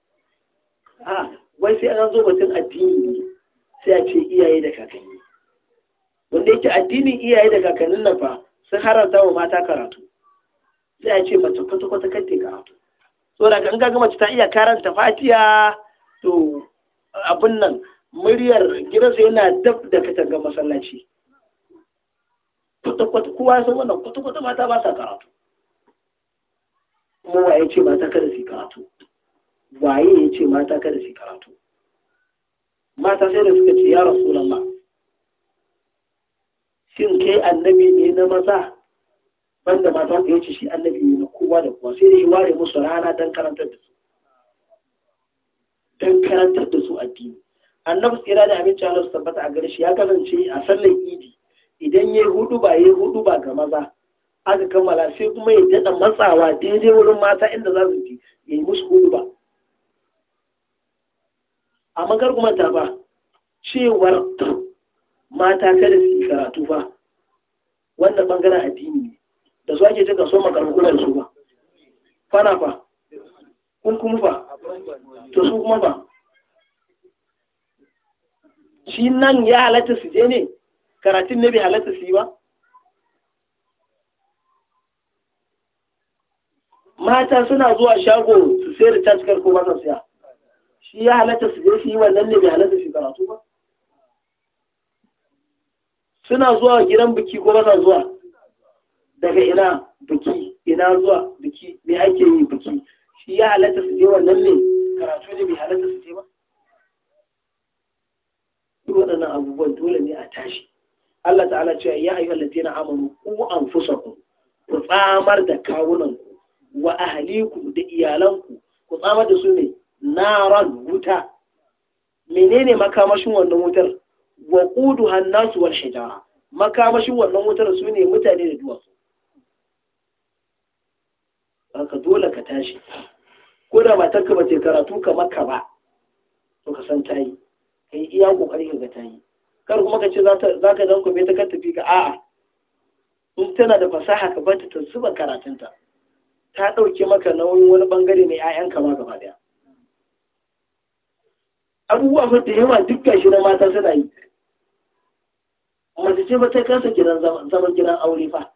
a wai sai an zo batun addini ne sai a ce iyaye da kakanni wanda yake addinin iyaye da kakannin nan fa sun haranta wa mata karatu sai a ce mace kwata-kwata kan karatu saboda in ka ga mace ta iya karanta fatiya to abin nan muryar gidansu yana dab da fitar ga masallaci kwata-kwata kowa ya san wannan kwata-kwata mata ba sa karatu kuma waye ce mata kada su karatu waye ya ce mata kada su karatu mata sai da suka ce ya rasulallah shin kai annabi ne na maza banda mata ka yace shi annabi ne na kowa da kowa sai da yi ware musu rana don karantar da su don karantar da addini annabi tsira da abinci Allah su tabbata a gare shi ya kasance a sallar idi idan ya hudu ba ya hudu ba ga maza aka kammala sai kuma ya daɗa matsawa daidai wurin mata inda za su ji ya yi musu hudu ba amma kar kuma ta ba cewar mata kada su yi karatu ba wannan bangaren addini ne da su ake cika so makarantunan su ba fana fa kun kuma ba to su kuma ba shi nan ya halatta su je ne karatun ne bai halatta su yi ba mata suna zuwa shago su sayar da ta ko kuma su siya shi ya halatta su je su yi wannan ne bai halatta su karatu ba suna zuwa gidan biki ko ba zuwa daga ina biki ina zuwa biki me ake yi biki shi ya halatta su je wannan ne karatu ne bai halatta su je ba duk waɗannan abubuwan dole ne a tashi Allah ta'ala cewa ya ayyuhal ladina amanu ku anfusakum ku tsamar da kawunan ku wa ahlikum da iyalanku ku tsamar da su ne naran wuta menene makamashin wannan wutar wa quduha hannasu wal shajara makamashin wannan wutar su ne mutane da duwatsu haka dole ka tashi ko da ba ta karatu kamar ka ba to ka san ta yi ka yi iya kokarin yin ta yi kar kuma ka ce za ka zan kome ta kan tafi a'a in tana da fasaha ka bata ta zuba karatunta ta ɗauke maka nauyin wani ɓangare na ka ma gaba ɗaya abubuwa fa da yawa duk shi na mata suna yi mace ce ba ta kasa gidan zama gidan aure fa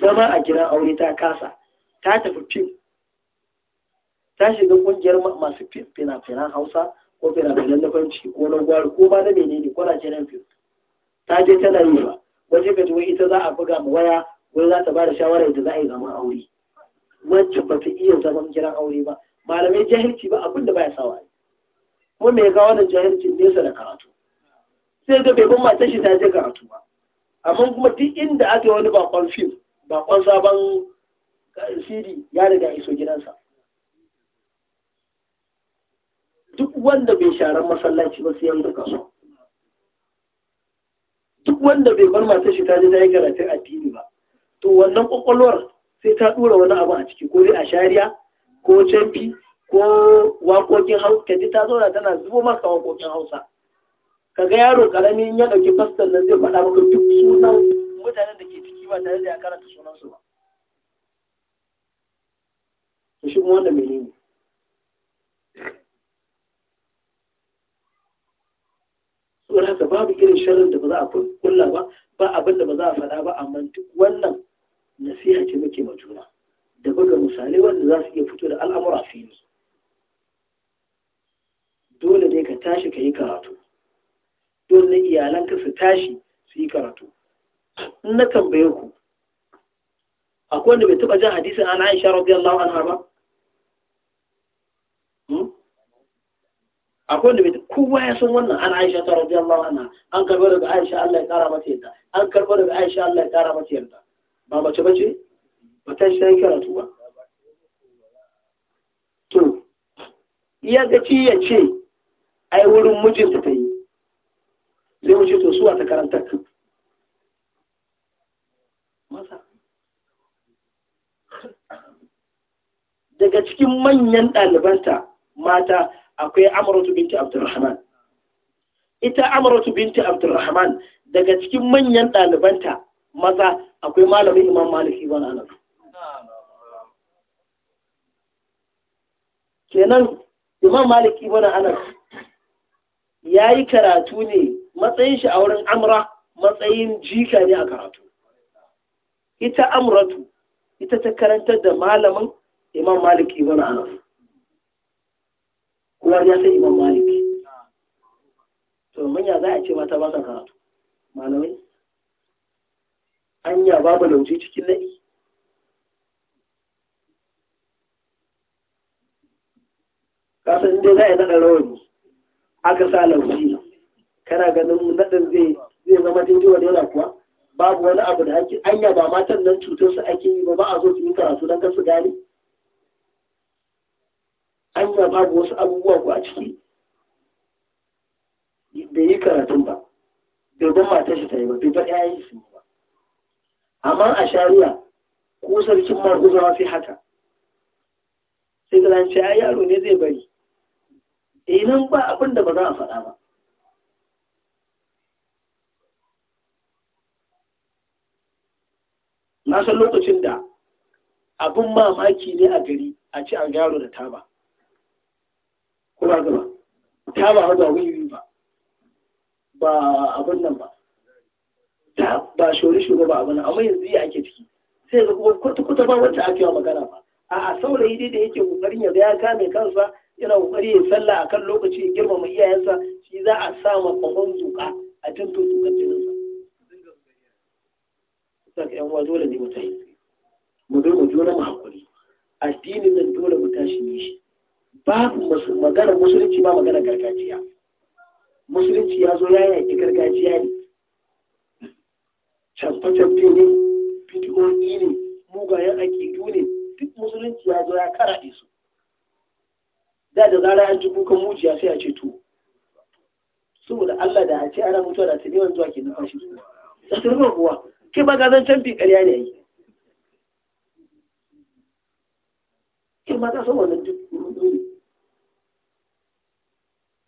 zama a gidan aure ta kasa ta tafi fim ta shiga kungiyar masu fina-finan hausa ko fina bai nufin ciki ko na gwari ko ba na menene ko na nan fi ta je tana yi ba waje ka ji ita za a buga ma waya wani za ta ba da shawarar da za a yi zaman aure wacce ba ta iya zaman gidan aure ba malamai jahilci ba abinda ba ya sawa ne. kuma mai ga wannan jahilci nesa da karatu sai ga bai ban matar shi ta je karatu ba amma kuma duk inda aka yi wani bakon fim bakon sabon eh, cd ya riga iso gidansa duk wanda bai sharan masallaci ba sai yanzu kaso duk wanda bai bar matar shi ta je ta yi karatun addini ba to wannan kwakwalwar sai ta dora wani abu a ciki ko dai a shariya ko canfi ko waƙoƙin hausa ka ta zauna tana zubo maka waƙoƙin hausa kaga yaro karamin ya ɗauki fastar nan zai faɗa maka duk sunan mutanen da ke ciki ba tare da ya karanta sunansu ba shi kuma wanda don haka babu irin sharrin da ba za a kulla ba ba abin da ba za a faɗa ba amma duk wannan nasiha ce muke ma juna da buga misalai wanda za su iya fito da al'amura fili dole dai ka tashi ka yi karatu dole ne iyalanka su tashi su yi karatu in na tambaye ku akwai wanda bai taɓa jan hadisin an aisha radiyallahu anha ba hmm? akwai da bai kowa ya san wannan an Aisha ta Allah anha an karbo daga Aisha Allah ya kara mata yarda an karbo daga Aisha Allah ya kara mata yarda ba mace ce ba ta shi sai karatu ba to ya ga ci ya ce ai wurin mijinta ta yi sai wuce to suwa ta karanta masa daga cikin manyan ɗalibanta mata akwai amratu binti abdurrahman ita amratu binti abdurrahman daga cikin manyan ɗalibanta maza akwai malamin imam maliki wani anas kenan imam maliki wani anas ya yi karatu ne matsayin shi a wurin amra matsayin jika ne a karatu ita amratu ita ta karantar da malamin imam maliki wani anas kowa ya sai imam malik to manya za a ce mata ba sa karatu malamai anya babu lauci cikin naɗi kasan dai za a naɗa rawani aka sa lauci kana ganin naɗin zai zai zama daidai wani yana kuwa babu wani abu da ake anya ba matan nan cutar su ake yi ba ba a zo su yi karatu don kan su gane an ya babu wasu abubuwa ku a ciki bai yi karatun ba bai don matar shi ta yi ba bai bar yayin su ba amma a shari'a ko sarkin marhuzawa sai haka sai ga zance ai yaro ne zai bari idan eh, ba abin da ba za a faɗa ba na san lokacin da abin mamaki ne a gari a ci a gyaro da taba ko ba gaba ta ba ba wiwi ba ba abin nan ba ta ba shori shugaba ba abin amma yanzu ya ake ciki sai ga kuma kwata-kwata ba wacce ake magana ba a'a saurayi dai da yake kokarin ya ya kame kansa yana kokari ya sallah akan lokaci ya girmama iyayensa shi za a sa ma kwakwan zuka a tuntun tukar jininsa saka yan uwa dole ne mu tayi mu bi mu juna mu hakuri addinin nan dole mu tashi ne shi babu maganar musulunci ba maganar gargajiya musulunci ya zo ya yaki gargajiya ne canfe-canfe ne bidiyoyi ne mugayen akidu ne duk musulunci ya zo ya karaɗe su da da zara an ji kukan mujiya sai a ce to saboda Allah da a ce ana mutuwa da tuniyar zuwa ke numfashi su da su rufe kuwa ke ba gazan canfi ƙarya ne yi ke ma ta san duk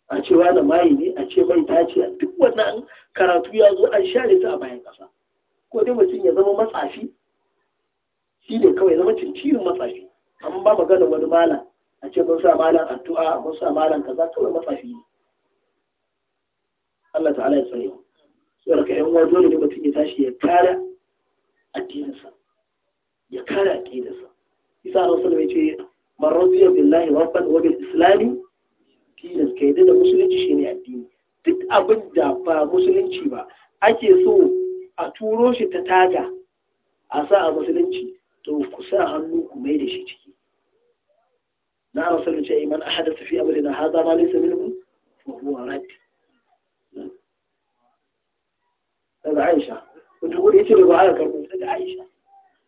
a cewa da mayi ne a ce mai ta ce duk wannan karatu ya zo an share ta a bayan ƙasa ko dai mutum ya zama matsafi shi ne kawai zama cincirin matsafi An ba magana wani malam a ce mun sa malam addu'a mun sa malam kaza kawai matsafi ne Allah ta'ala ya tsare mu sai ka yan uwa dole ne mutum ya tashi ya kare addininsa ya kare addininsa isa rasul ya ce man radiya billahi rabban wa bil islami addinin ka yadda da musulunci shine addini duk abin da ba musulunci ba ake so a turo shi ta taga a sa a musulunci to ku sa hannu ku mai da shi ciki na rasulun ce iman a hada fi abu na haza ma nisa minhu ko kuma rad daga aisha wata kuma yace ba aka karbo daga aisha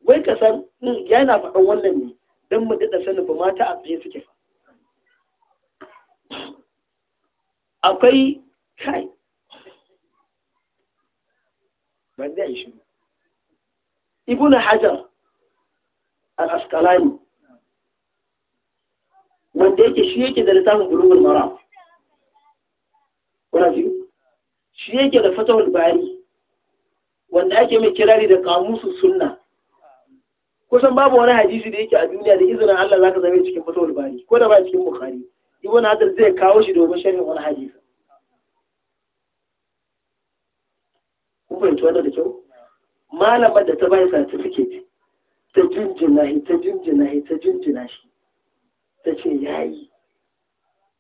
wai ka san yana faɗan wannan ne don mu daɗa sanin ba mata a tsaye suke akwai kai ban zai shi ibn hajar al-asqalani wanda yake shi yake da littafin bulugul maram kuna ji shi yake da fatawul bari wanda ake mai kirari da kamusu sunna kusan babu wani hadisi da yake a duniya da izinin Allah zaka zama cikin fatawul bari ko da ba cikin bukhari ibn Hajar zai kawo shi domin sharhin wani hadisi ku fahimci wannan da kyau malamar da ta bai certificate ta jinjina shi ta jinjina shi ta jinjina shi ta ce yayi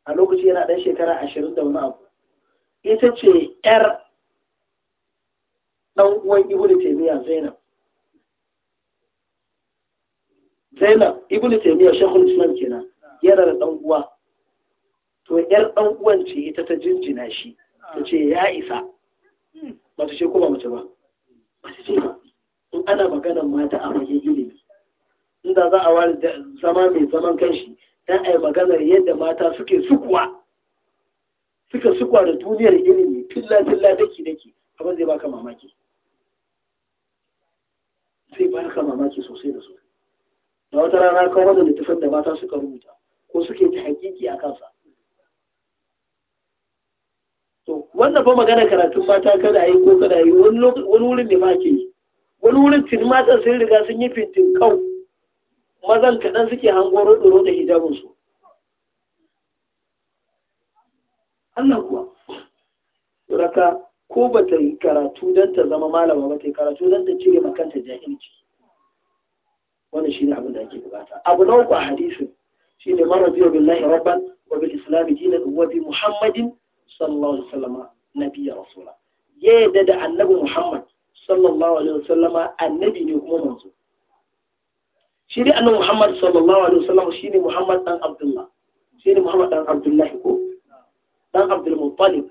a lokaci yana ɗan shekara ashirin da wani abu ita ce yar ɗan uwan ibn taymiya zainab zainab ibn taymiya shekul islam kenan yana da ɗan uwa to yar dan uwan ce ita ta jinjina shi ta ce ya isa ba ta ce kuma mace ba ba ta ce ba in ana maganar mata a fage ilimi inda za a ware zama mai zaman kanshi dan ai maganar yadda mata suke sukuwa suka sukuwa da duniyar ilimi tilla-tilla daki daki abin zai baka mamaki zai baka mamaki sosai da sosai da wata rana kawo da littafin da mata suka rubuta ko suke ta hakiki a kansa wannan fa magana karatun mata kada yi ko kada yi wani wurin ne ma ke yi wani wurin tun matan sun riga sun yi fitin kau mazan kaɗan suke hango roɗo da su Allah kuwa raka ko ba ta yi karatu don ta zama malama ba ta yi karatu don ta cire makanta jahilci wannan shine abin da ake bukata abu na uku a hadisin shine marabiyu billahi rabban wa bil islam dinan wa bi muhammadin sallallahu alaihi wasallama nabiyya rasula ya yadda da annabi Muhammad sallallahu alaihi wasallama annabi ne kuma manzo shi dai annabi Muhammad sallallahu alaihi wasallama shine Muhammad dan Abdullah shine Muhammad dan Abdullah ko dan Abdul Muttalib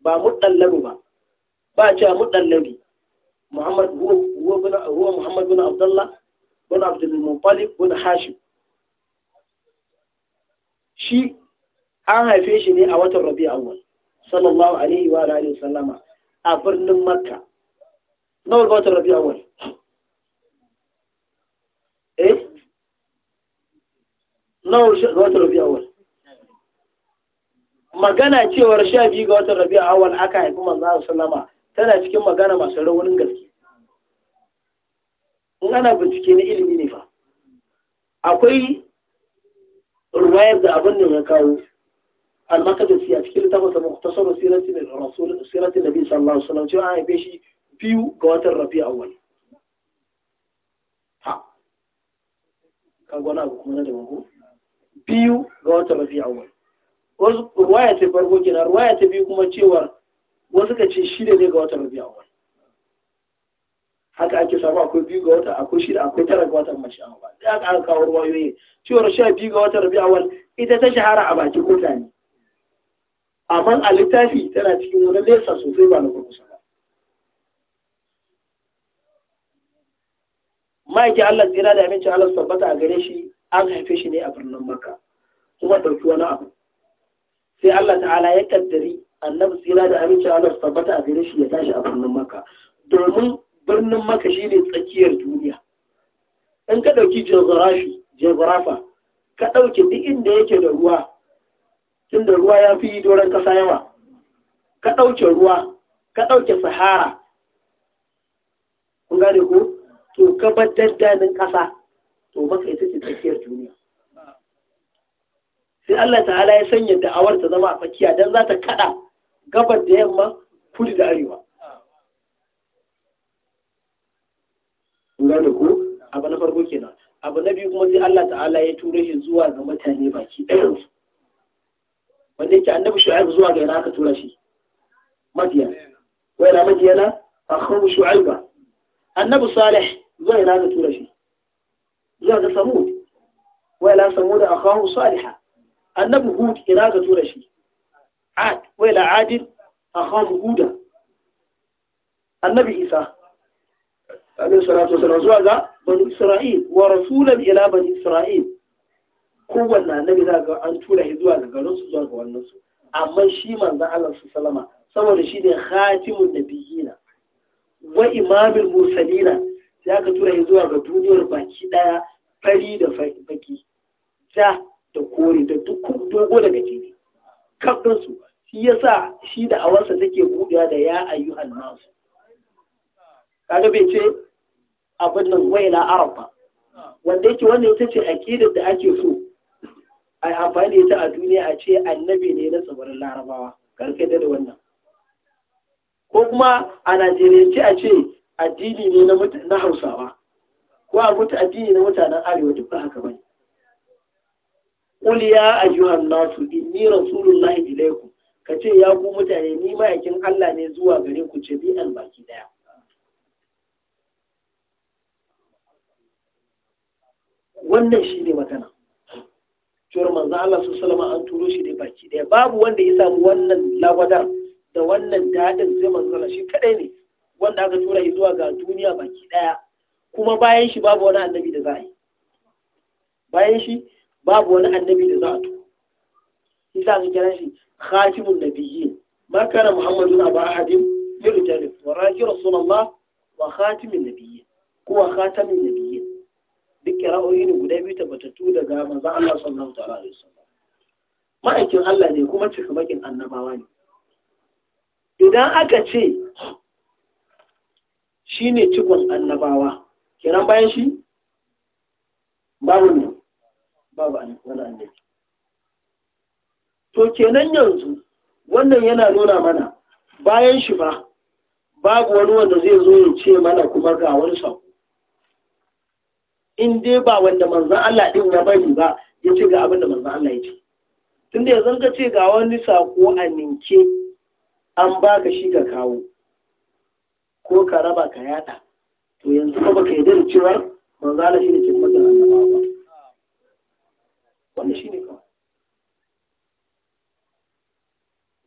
ba mudallabi ba ba cewa mudallabi Muhammad huwa bin huwa Muhammad bin Abdullah bin Abdul Muttalib bin Hashim shi an haife shi ne a watan Rabi'ul Awwal sallallahu alaihi wa alihi sallama a birnin makka na eh? ga rabi rabi'a wani eh na watan rabi'a wani magana cewar sha biyu ga watan rabi'a awal aka haifi manzo sallama tana cikin magana masu raunin gaske in ana bincike na ilimi ne fa akwai ruwayar da abin da ya kawo almakadarsi a cikin littafinsa muktasar siratin nabi sallallahu alaihi wasallam cewa an haife shi biyu ga watan rabi awwal ha ka gwana abu kuma na da mako biyu ga watan rabi awwal wasu ruwaya ta farko kenan ruwaya ta biyu kuma cewar wasu ka ce shida ne ga watan rabi awwal haka ake samu akwai biyu ga wata shida akwai tara ga watan mace awwal da aka kawo ruwayoyi cewar sha biyu ga watan rabi awwal ita ta shahara a bakin mutane amma a littafi tana cikin wani nesa sosai ba na kurkusa ba ma'aiki Allah tsira da aminci Allah sabbata a gare shi an haife shi ne a birnin Makka kuma ɗauki wani abu sai Allah ta'ala ya kaddari annabi tsira da aminci Allah sabbata a gare shi ya tashi a birnin maka, domin birnin Makka ne tsakiyar duniya in ka ɗauki geography ka ɗauke duk inda yake da ruwa tunda ruwa ya fi doron ƙasa yawa ka ɗauke ruwa ka ɗauke sahara kun gane ko to ka bar daddanin ƙasa to maka ita ce tsakiyar duniya sai Allah ta'ala ya sanya da'awar ta zama a fakiya don za ta kaɗa gabar da yamma kudu da arewa kun gane ko abu na farko kenan abu na biyu kuma sai Allah ta'ala ya tura shi zuwa ga mutane baki ɗayansu wanda yake annabi shu'aib zuwa ga ina aka tura shi madiyan wa ina madiyana akhawu shu'aiba annabi salih zuwa ina aka tura shi zuwa ga samud wa ila samud akhawu salihah annabi hud ina aka tura shi ad wa ila adil akhawu huda annabi isa عليه الصلاة والسلام زوجة بني إسرائيل ورسولا إلى بني إسرائيل kowanne annabi za ga an tura shi zuwa ga garinsu su zuwa ga wannan su amma shi manzan Allah su salama saboda shi ne khatimun nabiyina wa imamul mursalina sai aka tura shi zuwa ga duniyar baki daya fari da baki ja da kore da duk dogo daga jini kafin su shi yasa shi da awarsa take buɗewa da ya ayu nasu kaga bai ce abin nan waila arab wanda yake wannan ita ce aqidar da ake so a amfani da ita a duniya a ce annabi ne na tsibirin larabawa karfe da da wannan ko kuma a najeriyance a ce addini ne na hausawa ko a mutu addini na mutanen arewa duk ba haka bane qul ya ayyuhan nasu inni rasulullahi ka ce ya ku mutane ni ma'aikin Allah ne zuwa gare ku ce bi baki daya wannan shi ne magana cewar manzo Allah su salama an turo shi ne baki ɗaya babu wanda ya samu wannan lawadar da wannan daɗin zai manzo shi kaɗai ne wanda aka tura shi zuwa ga duniya baki ɗaya kuma bayan shi babu wani annabi da za a yi bayan shi babu wani annabi da za a turo shi sa aka kira shi khatimun nabiyyin ma muhammadu na ba ahadin min ne, wa sunan ba, wa khatimin nabiyyin kuwa khatimin nabiyyin yake ra'ayoyi ne guda biyu tabbatattu daga manzon Allah sallallahu ta'ala alaihi wasallam ma'aikin Allah ne kuma cikamakin annabawa ne idan aka ce shi ne cikon annabawa kiran bayan shi babu ne babu wani annabi to kenan yanzu wannan yana nuna mana bayan shi ba babu wani wanda zai zo ya ce mana kuma ga wani sako in dai ba wanda manzan Allah ɗin ya bari ba ya ce ga abin da manzan Allah ya ce tun da yanzu ka ce ga wani sako a ninke an ba ka shi ka kawo ko ka raba ka yada to yanzu ba ka yarda da cewa manzan Allah shi ne ke kuma da annabawa ba wannan shi ne kawai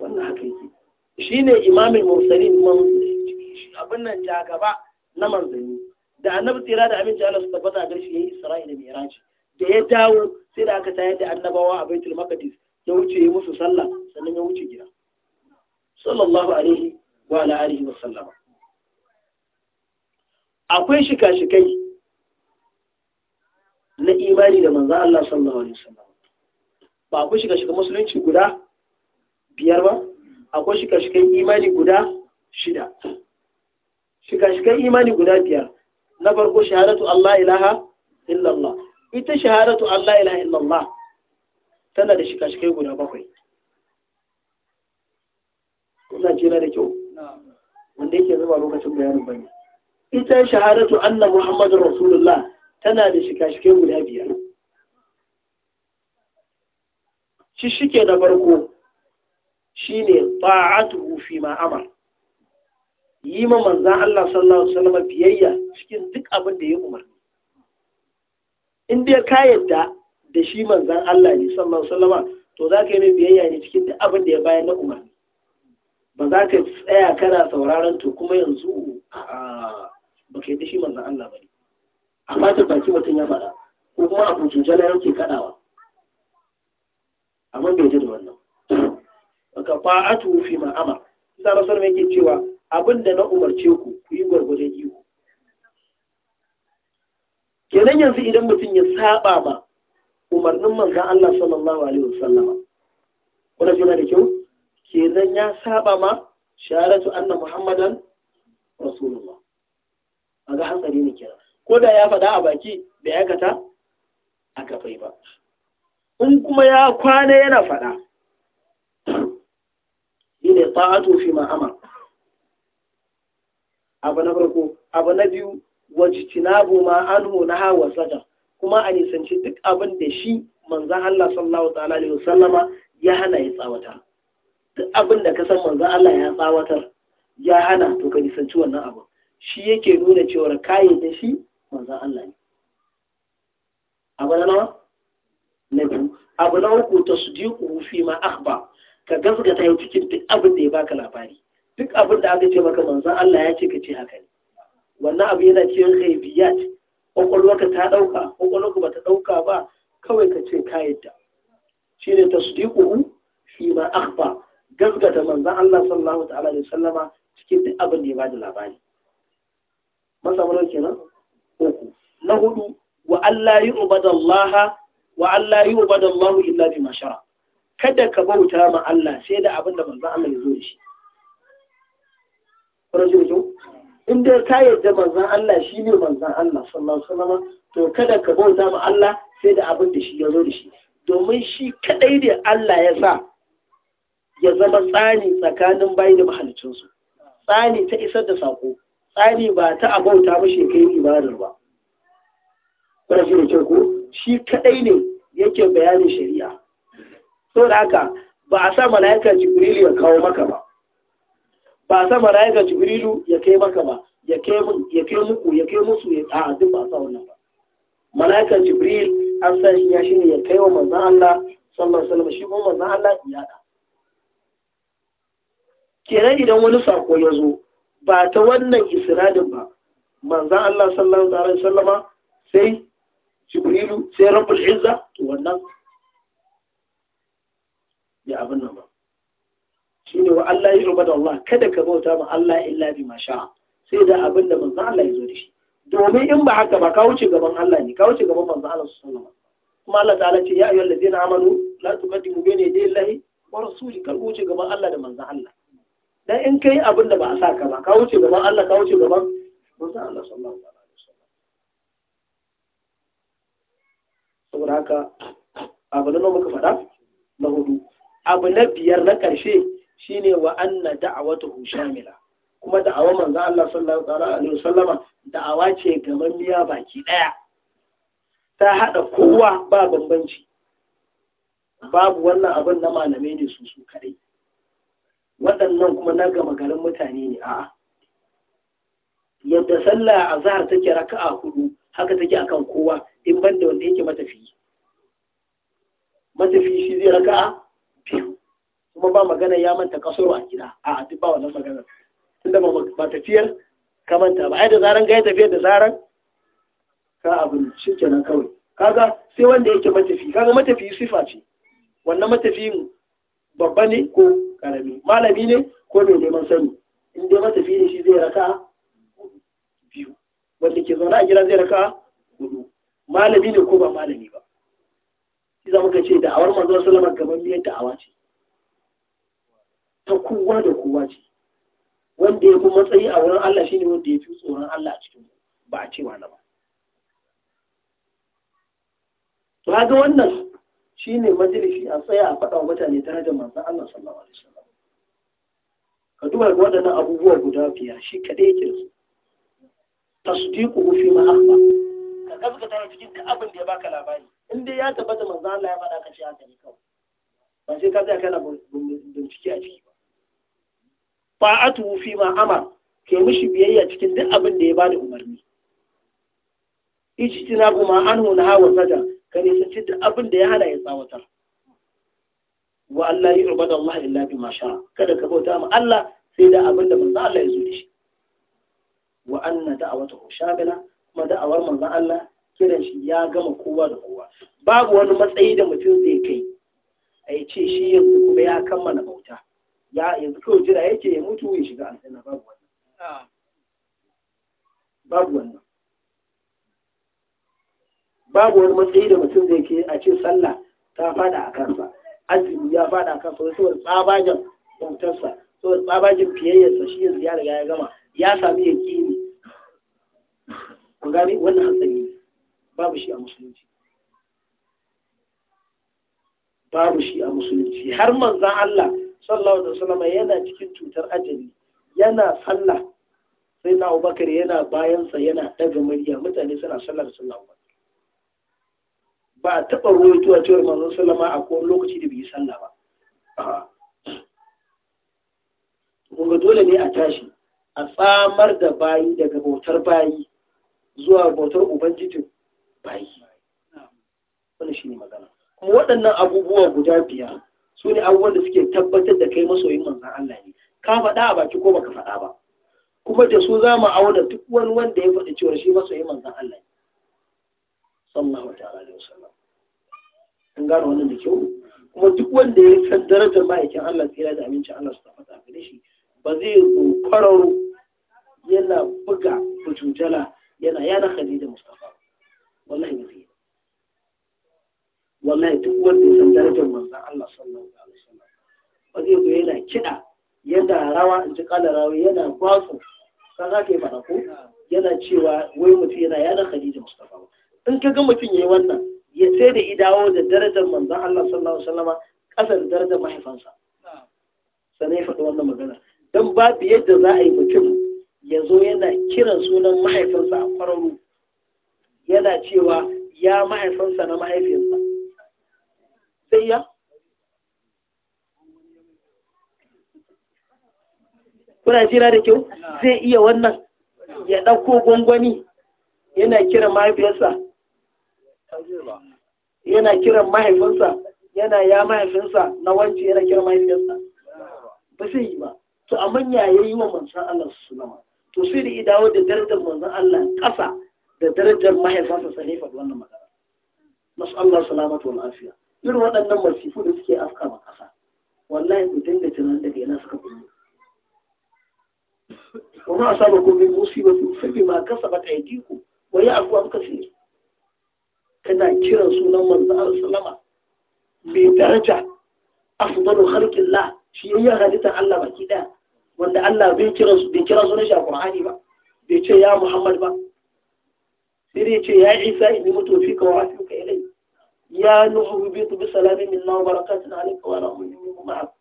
wannan haka yake shi ne imamin mursalin abin nan jagaba gaba na manzanni da annabi tsira da aminci Allah su tabbata a garshi yayi Isra'ila da Mi'raj da ya dawo sai da aka tayar da annabawa a Baitul Maqdis ya wuce ya musu sallah sannan ya wuce gida sallallahu alaihi wa ala alihi wa sallama akwai shika-shikai na imani da manzo Allah sallallahu alaihi wasallam ba akwai shika-shikan musulunci guda biyar ba akwai shika-shikan imani guda shida shika-shikan imani guda biyar na farko shahadatu Allah ilaha illallah ita shahadatu Allah ilaha illallah tana da shika-shikai guda bakwai kuna jira da kyau wanda yake zuba lokacin bayanin bane ita shahadatu anna muhammadu rasulullah tana da shika-shikai guda biyar shi shike na farko shine ta'atuhu fi ma amara yi ma manzan Allah sallallahu alaihi wasallam biyayya cikin duk abin da ya umarni in dai ka yadda da shi manzan Allah ne sallallahu alaihi wasallam to za ka yi mai biyayya ne cikin duk abin da ya bayar na umarni ba za ka tsaya kana sauraron to kuma yanzu ba ka da shi manzan Allah ba ne amma ta baki mutum ya faɗa ko kuma a abu jujjala yake kaɗawa amma bai ji da wannan ka fa'atu fi ma'ama isa rasul mai ke cewa abin da na umarce ku ku yi gwargwadon iko kenan yanzu idan mutum ya saba ma umarnin manzan Allah sallallahu alaihi wasallama kuna jina da kyau kenan ya saba ma sharatu anna muhammadan rasulullah a ga hatsari ne kenan ko da ya faɗa a baki bai kata a kafai ba in kuma ya kwana yana faɗa shine ta'atu fi ma abu na farko abu na biyu wajtinabu ma anhu naha wa saja kuma a nisanci duk abin da shi manzon Allah sallallahu ta'ala alaihi wasallama ya hana ya tsawata duk abin da ka san manzon Allah ya tsawatar ya hana to ka nisanci wannan abu shi yake nuna cewa kayi da shi manzon Allah ne abu na nawa na biyu abu na uku tasdiqu fi ma akhba ka yau cikin duk abin da ya baka labari duk abin da aka ce maka manzan Allah ya ce ka ce haka ne wannan abu yana cikin haibiyat kwakwalwarka ta ɗauka? kwakwalwarka bata ɗauka ba kawai ka ce ka yadda ne tasdiquhu fi ma akhfa gaskata manzan Allah sallallahu ta'ala da sallama cikin duk abin da ya bada labari Masa masamuran kenan uku na hudu wa Allah yi ubadallaha wa Allah yi ubadallahu illa bi mashara kada ka bauta ma Allah sai da abin da manzan Allah ya zo da shi rajojo in dai ka yarda manzan Allah shi ne manzan Allah sallallahu alaihi wasallam to kada ka bauta ma Allah sai da abin da shi ya zo da shi domin shi kadai ne Allah ya sa ya zama tsani tsakanin bayi da mahalicinsu tsani ta isar da sako tsani ba ta abauta mashi kai ibadar ba ko shi kadai ne yake bayanin shari'a saboda haka ba a sa mala'ika jibril ya kawo maka ba ba ta ga jibrilu ya kai maka ba ya kai mun ya kai muku ya kai musu ya a duk ba sa wannan ba malaika jibril an sa shi ya shine ya kai wa manzon Allah sallallahu alaihi wasallam shi kuma manzon Allah ya da kenan idan wani sako ya zo ba ta wannan isradin ba manzon Allah sallallahu alaihi wasallama sai jibrilu sai rabbul izza to wannan ya abin nan ba shine wa Allah ya rubuta Allah kada ka bauta ma Allah illa bi masha sai da abin da manzo Allah ya zo da shi domin in ba haka ba ka wuce gaban Allah ne ka wuce gaban manzo Allah sallallahu alaihi wasallam kuma Allah ta'ala ce ya ayyuhal ladina amanu la tuqaddimu bayna yaday Allahi wa rasuli ka wuce gaban Allah da manzo Allah dan in kai abin da ba a saka ba ka wuce gaban Allah ka wuce gaban manzo Allah sallallahu alaihi wasallam saboda haka abu da muka faɗa na hudu abu na biyar na ƙarshe shine wa anna da'awatuhu shamila kuma da'awar manzo Allah sallallahu alaihi wasallama da'awa ce gamammiya baki daya ta hada kowa ba bambanci babu wannan abin na malamai ne su su kadai waɗannan kuma na gama garin mutane ne a'a yadda sallah a zahar take raka'a hudu haka take akan kowa in banda wanda yake matafi matafi shi zai raka'a kuma ba magana ya manta kasoro a gida a duk ba wannan magana tunda ba tafiyar ka manta ba ai da zaran ga ya tafiyar da zaran ka abin shi kenan kawai kaga sai wanda yake matafi kaga matafi sifa ce wannan matafiyin babba ne ko karami malami ne ko mai neman sani in dai matafi ne shi zai raka biyu wanda ke zaune a gida zai raka hudu malami ne ko ba malami ba shi muka ce da'awar manzon sallama gaban miyar da'awa ce kowa da kowa ce wanda ya fi matsayi a wurin Allah shine wanda ya fi tsoron Allah a cikin ba a cewa na ba to haka wannan shi ne majalisi a tsaya a faɗa mutane tare da manzon Allah sallallahu alaihi wasallam ka duba ga waɗannan abubuwa guda biyar shi kaɗai yake da su tasdiquhu fi ma akhba ka gaskata cikin duk abin da ya baka labari in dai ya tabbata manzo Allah ya faɗa ka ce haka ne kawai ba sai ka tsaya kana bincike a ciki ta'atuhu fi ma amar ke mishi biyayya cikin duk abin da ya bada umarni ijtina kuma an na hawa sada ka nisanci duk abin da ya hana ya tsawatar wa Allah yi ubada Allah illa bi masha kada ka bauta ma Allah sai da abin da manzo Allah ya zo shi wa anna da'awatuhu shamila kuma da'awar manzo Allah kiran shi ya gama kowa da kowa babu wani matsayi da mutum zai kai a ce shi yanzu kuma ya kammala bauta ya yanzu kawai jira yake ya mutu ya shiga aljanna babu wannan ah. babu wannan babu wani matsayi da mutum zai ke a ce sallah ta fada a kansa azumi ya fada a kansa saboda tsabajin bautarsa saboda tsabajin fiyayyarsa shi yanzu ya riga ya gama ya sami yaƙini ku gane wannan hatsari ne babu shi a musulunci babu shi a musulunci har manzan Allah sallallahu alaihi wasallam yana cikin cutar ajali yana sallah sai na Abubakar yana bayansa yana daga murya mutane suna sallar sallah ba a taɓa ruwaitowa cewar manzo sallama a kowane lokaci da bai yi sallah ba ga dole ne a tashi a tsamar da bayi daga bautar bayi zuwa bautar ubangijin bayi wannan shine magana kuma waɗannan abubuwa guda biyar su ne abubuwan da suke tabbatar da kai masoyin manzan Allah ne ka faɗa a baki ko baka faɗa ba kuma da su za mu auna duk wani wanda ya faɗi cewa shi masoyin manzan Allah ne sallallahu ta'ala alaihi wasallam an gano wannan da kyau kuma duk wanda ya san darajar ma'aikin Allah tsira da amincin Allah su tabbata a gare shi ba zai kwararo yana buga bujujala yana yana Khadija Mustafa wallahi ba zai wallahi duk wanda ya san darajar manzon Allah sallallahu alaihi wasallam ba zai yana kiɗa yana rawa in ji kala rawa yana kwaso ka za ka yi fara ko yana cewa wai mutum yana yana Khadija Mustafa in ka ga mutum ya yi wannan ya sai da idawo da darajar manzon Allah sallallahu alaihi wasallam ƙasa da darajar mahaifansa sai ya faɗi wannan magana don babu yadda za a yi mutum ya zo yana kiran sunan mahaifinsa a kwararru yana cewa ya mahaifinsa na mahaifinsa sai ya kuna jira da kyau zai iya wannan ya ɗauko gwangwani yana kira mahaifinsa yana kira mahaifinsa yana ya mahaifinsa na wancan yana kira mahaifinsa ba sai yi ba to amma ya yi wa manzan Allah su nama to sai da idawo da darajar manzan Allah ƙasa da darajar mahaifinsa sanifar wannan magana masu Allah salamatu wal afiya irin waɗannan masifu da suke afka ma ƙasa wallahi ku dinga tunan daga yana suka kuma kuma a saba ko min musiba su fi ma kasa ba ta yi ku wa ya a muka sai kana kiran sunan manzo Allah sallama bi daraja afdalu khalqillah shi ya halitta Allah baki ɗaya? wanda Allah bai kira su bai kira sunan shi a Qur'ani ba bai ce ya Muhammad ba sai dai ce ya Isa inni mutu a wa asirka ilayk يا نوح اهبط بسلام منا وبركات عليك وعلى من معك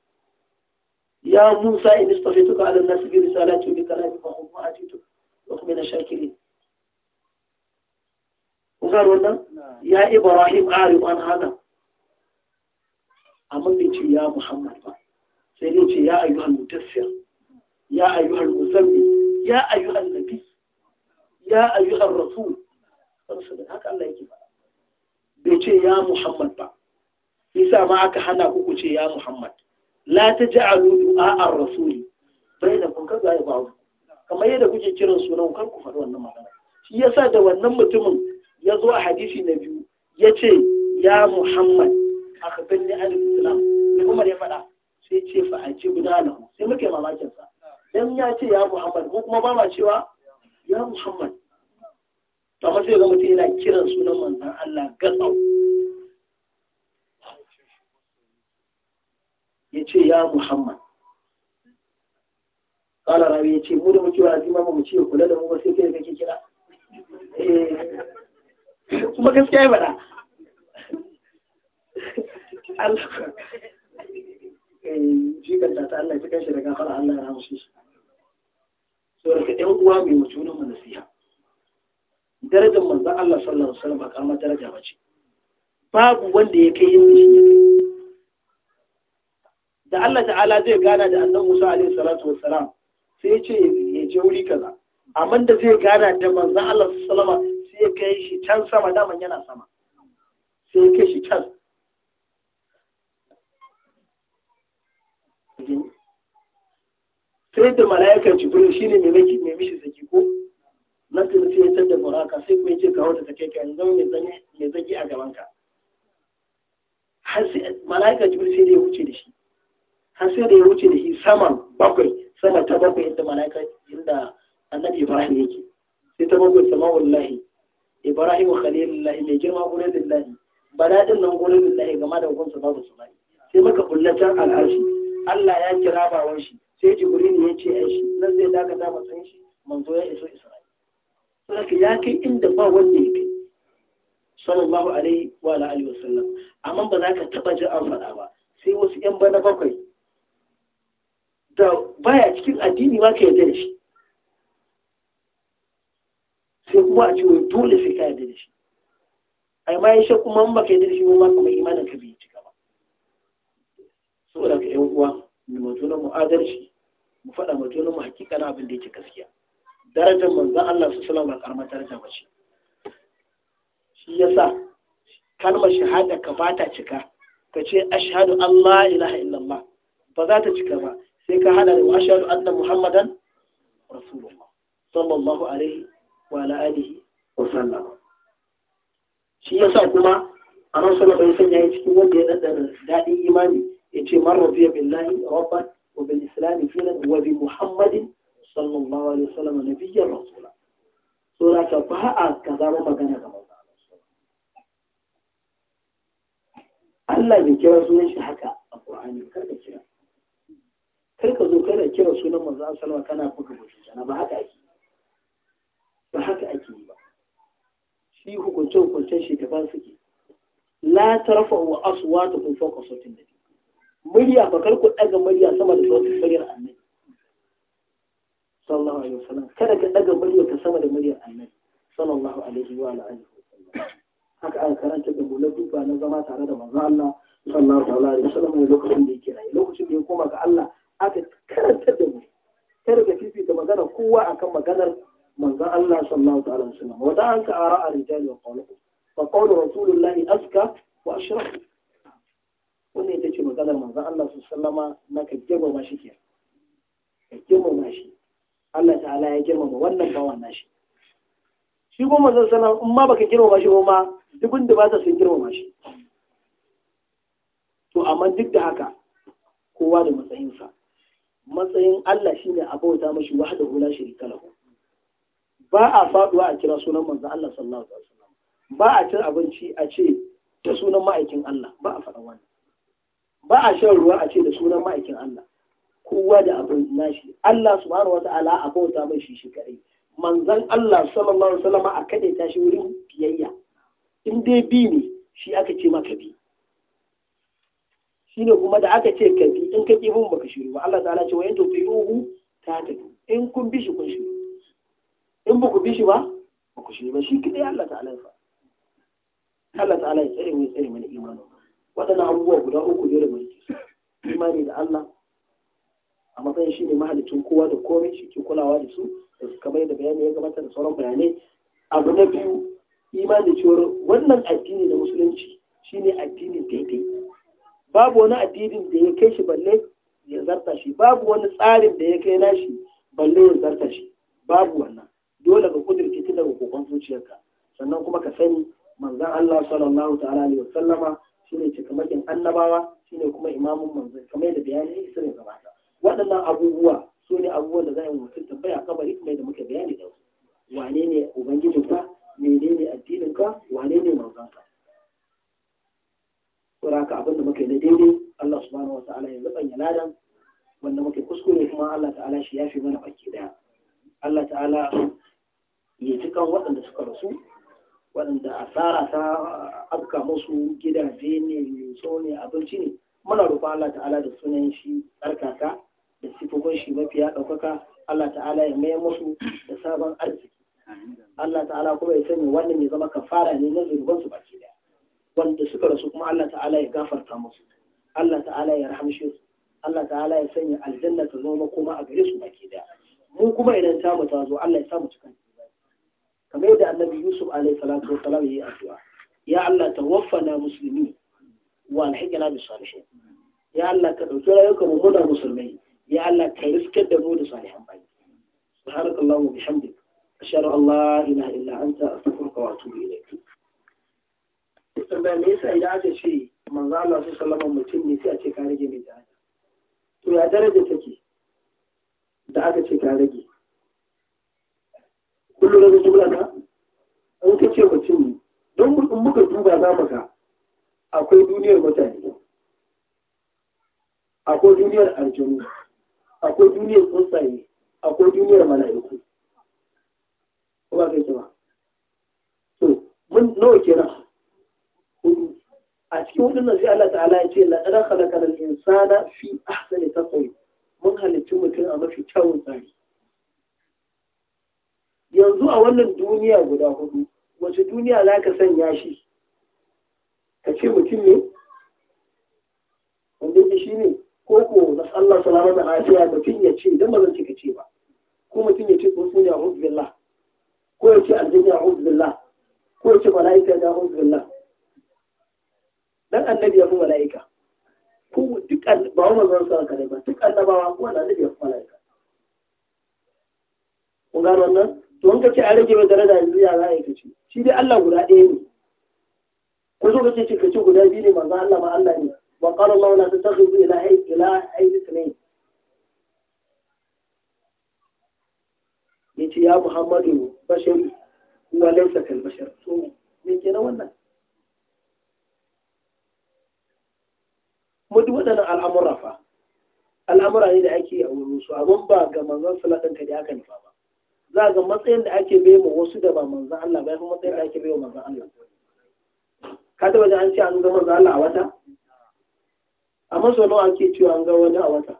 يا موسى إن اصطفيتك على الناس برسالاتي وبكلامي فهم وآتيتك وكمن الشاكرين وقالوا ولا يا إبراهيم أعرف عن هذا أما يا محمد سيدي يا أيها المدثر يا أيها المزمل يا أيها النبي يا أيها الرسول هكذا الله يجيب ya ce ya Muhammad ba isa ma aka hana ku ce ya Muhammad la taj'alu du'a ar-rasuli bainakum kaza ya ba'u kamar yadda kuke kiran sunan kar ku faɗi wannan magana shi ya sa da wannan mutumin ya zo a hadisi na biyu ya ce ya Muhammad aka gani alif islam sai kuma ya faɗa sai ce fa guda dalahu sai muke mamakin sa dan ya ce ya Muhammad mu kuma ba ma cewa ya Muhammad to amma sai ga mutum yana kiran sunan manzon Allah gatsau ya ce ya Muhammad kala rabi ya ce mu da muke wa'azi ma mu ce kula da mu ba sai kai kake kira eh. kuma gaskiya ya faɗa Allah eh, shi kan ta Allah ta shi da gafara Allah ya rahmu shi so da ɗan uwa mai mutunan mu nasiha darajar manzan Allah sallallahu Alaihi wasallam a daraja ba ce babu wanda ya kai yin da Allah ta'ala zai gana da annan Musa alaihi salatu wassalam sai ya ce ya je wuri kaza amma da zai gana da manzan Allah wasallam sai ya kai shi can sama daman yana sama sai ya kai shi can sai da mala'ikar jibril shine mai mishi zaki ko lantar sai ya canza muraka sai kuma ce ga wata take kai zama mai zagi a gaban ka har sai mala'ika jibril sai da ya wuce da shi har sai da ya wuce da shi saman bakwai sama ta bakwai yadda mala'ika inda annabi ibrahim yake sai ta bakwai sama wallahi ibrahim khalilullahi mai girma gurin lillahi daɗin nan gurin lillahi game da hukunsa babu samari sai maka kullatar al'arshi Allah ya kira bawan shi sai jibril ya ce ai shi nan zai dakata matsayin shi manzo ya iso isra'ila saka ya kai inda ba wanda ya kai sallallahu alaihi wa alihi wa sallam amma ba za ka taba ji an faɗa ba sai wasu yan bana bakwai da baya cikin addini ma ka yarda da shi sai kuma a ce wai dole sai ka yarda da shi ai ma ya shakku man baka yarda da shi ma mai imanin ka bai cika ba saboda ka yan uwa mu mu adalci mu faɗa mutunan mu hakika na abin da yake gaskiya darajar manzan Allah su salama karamar daraja ba ce shi sa, kalmar shahada ka ba ta cika ka ce ashadu Allah ilaha illallah ba za ta cika ba sai ka hada da wa ashhadu anna muhammadan rasulullah sallallahu alaihi wa ala alihi wa sallam shi ya sa kuma a nan sallallahu alaihi wasallam yayin cikin wanda ya daddana daɗin imani yace man radiya billahi rabban wa bil islam dinan wa bi muhammadin sallallahu alaihi wasallam nabiyyar rasula so da ka ba a kaza ba magana ga manzo Allah bai kira sunan shi haka a Qur'ani kar ka kira kar ka zo kana kira sunan manzo sallallahu kana buga mutunta ba haka ake ba haka ake ba shi hukuncin hukuncin shi daban suke la tarfa'u aswatukum fawqa sawti an-nabi murya ba kar ku daga murya sama da sautin muryar annabi sallallahu alaihi wasallam kada ka daga murya ka sama da muryar annabi sallallahu alaihi wa alihi wasallam haka aka karanta da hular duba na zama tare da manzo Allah sallallahu alaihi wasallam lokacin da yake rayu lokacin da ya koma ga Allah aka karanta da mu kada ka fifita magana kowa akan maganar manzo Allah sallallahu alaihi wasallam wa da an ka ara ar-rijal wa qawluhu fa qawlu rasulillahi aska wa ashraf wannan ita ce maganar manzo Allah sallallahu alaihi wasallama na ka jaba ma shi ke ka jaba ma shi Allah ta'ala ya girmama wannan bawan nashi shi kuma zan sanar in ma baka girmama shi ma duk inda ba ta sun girmama shi to amma duk da haka kowa da matsayinsa matsayin Allah shi ne a bauta mashi wahdahu shi sharika lahu ba a faduwa a kira sunan manzo Allah sallallahu alaihi wasallam ba a cin abinci a ce da sunan ma'aikin Allah ba a faɗa wannan ba a shan ruwa a ce da sunan ma'aikin Allah kowa da abin nashi Allah subhanahu wa ta'ala a bauta mai shi shi kadai manzon Allah sallallahu alaihi wasallam a kade ta shi wurin biyayya in dai bi ne shi aka ce maka bi shine kuma da aka ce ka bi in ka ki bin baka shiru ba Allah ta'ala ce wa yanto fi ruhu ta ta in kun bi shi kun shiru in ba ku bi shi ba ba ku shiru ba shi kadai Allah ta'ala ya fa Allah ta'ala ya tsare mu tsare mana imani waɗannan abubuwa guda uku ne da mulki imani da Allah a matsayin shi ne mahalicin kowa da komai shi ke kulawa da su da su kamar da bayani ya gabata da sauran bayanai abu na biyu imanin cewar wannan addini da musulunci shine addinin daidai babu wani addinin da ya kai shi balle ya zarta shi babu wani tsarin da ya kai nashi balle ya zarta shi babu wannan dole ka kudirce tun daga kokon zuciyarka sannan kuma ka sani manzon Allah sallallahu ta'ala alaihi wasallama shine cikamakin annabawa shine kuma imamun manzon kamar da bayani isa ne gabata waɗannan abubuwa su ne abubuwan da za a yi mutum tambaya kabari kamar da muka bayani da wane ne ubangijinka mene ne addininka wane ne manzanka ka abin da muka yi na daidai Allah subhanahu wa ta'ala ya zaɓanya ladan wanda muka kuskure kuma Allah ta'ala shi ya fi mana baki daya Allah ta'ala ya ci kan waɗanda suka rasu waɗanda asara ta afka musu gidaje ne mai ne abinci ne muna roƙon Allah ta'ala da sunan shi tsarkaka da sifofin shi mafiya ɗaukaka Allah ta'ala ya mayar musu da sabon arziki Allah ta'ala kuma ya sanya wannan ya zama kafara ne na zunuban su baki daya wanda suka rasu kuma Allah ta'ala ya gafarta musu Allah ta'ala ya rahamshe su Allah ta'ala ya sanya aljanna ta zama kuma a gare su baki daya mu kuma idan ta mu ta zo Allah ya sa mu cikin kamar yadda annabi Yusuf alayhi salatu wa salam yayi addu'a ya Allah ta, tawaffana musulmi wa alhiqna bis salihin ya Allah ka dauki rayuwar mu muna musulmai ya Allah ka riskar da mu da salihan bayi subhanakallahu wa bihamdik ashhadu an la ilaha illa anta astaghfiruka wa atubu ilayk tambaya me yasa idan aka ce manzo Allah sallallahu alaihi wasallam mutum ne sai a ce ka rage mai daraja to ya daraja take da aka ce ka rage kullum da jumla ta an ka ce mutum ne don in muka duba za mu ga akwai duniyar mutane akwai duniyar aljanu akwai duniyar tsuntsaye akwai duniyar mala'iku ko ba kai ba to mun nawa kenan hudu a cikin hudun nan sai Allah ta'ala ya ce laqad khalaqal insana fi ahsani taqwim mun halicci mutum a mafi kyawun tsari yanzu a wannan duniya guda hudu wace duniya za ka sanya shi ka ce mutum ne wanda shi ne ko na Allah salama da lafiya mutum ya ce idan ba zan ce ka ce ba ko mutum ya ce kursun ya hudu billah ko ya ce aljanna ya hudu billah ko ya ce mala'ika ya hudu billah dan annabi ya fi mala'ika ko duk ba wa manzon sa kare ba duk annabawa ko annabi ya fi mala'ika kun gano wannan to an kace ce a rage mai daraja yanzu ya za'a ka ce shi dai Allah guda ɗaya ne ko zo ka ce ka ce guda biyu ne manzon Allah ma Allah ne وقال الله لا تتخذوا إلى أي إلى أي اثنين yace ya Muhammadu bashar kuma laisa kal bashar to me kenan wannan mu duk waɗannan al'amura fa al'amura ne da ake a wurin su amma ba ga manzon sallallahu alaihi aka nufa ba za ga matsayin da ake bai ma wasu da ba manzon Allah ba kuma matsayin da ake bai wa manzon Allah ka taba ji an ce an ga manzon Allah a wata amma sau nawa ake cewa an ga wani a wata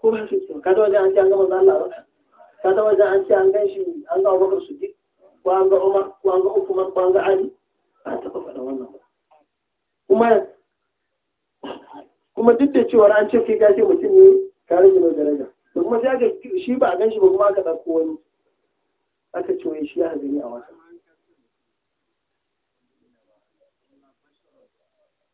ko ba su ce kada wajen an ce an ga maza Allah a wata kada wajen an ce an gan shi an ga Abubakar Siddiq ko an ga Umar ko an ga Uthman ko an ga Ali ba ta da wannan kuma kuma duk da cewa an ce kai gashi mutum ne ka shi mai daraja da kuma sai aka shi ba a gan shi ba kuma aka ɗauko wani aka ce wai shi ya gani a wata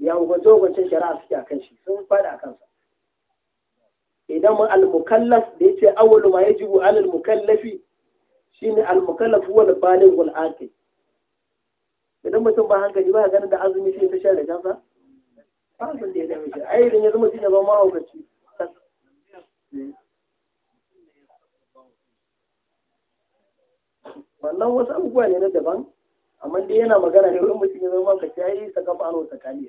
ya hukunce hukuncin shari'a suke a kan shi sun faɗi a kansa idan mun al-mukallaf da ce awwalu ma yajibu alal mukallafi shine al-mukallaf huwa al-baligh aqil idan mutum ba hankali ba ganin da azumi sai ta sha da kansa ba abin da ya dame ai idan ya zama shine ba ma hukunci wannan wasu abubuwa ne na daban amma dai yana magana ne wurin mutum ya zama ka ci ai sakafa ano tsakani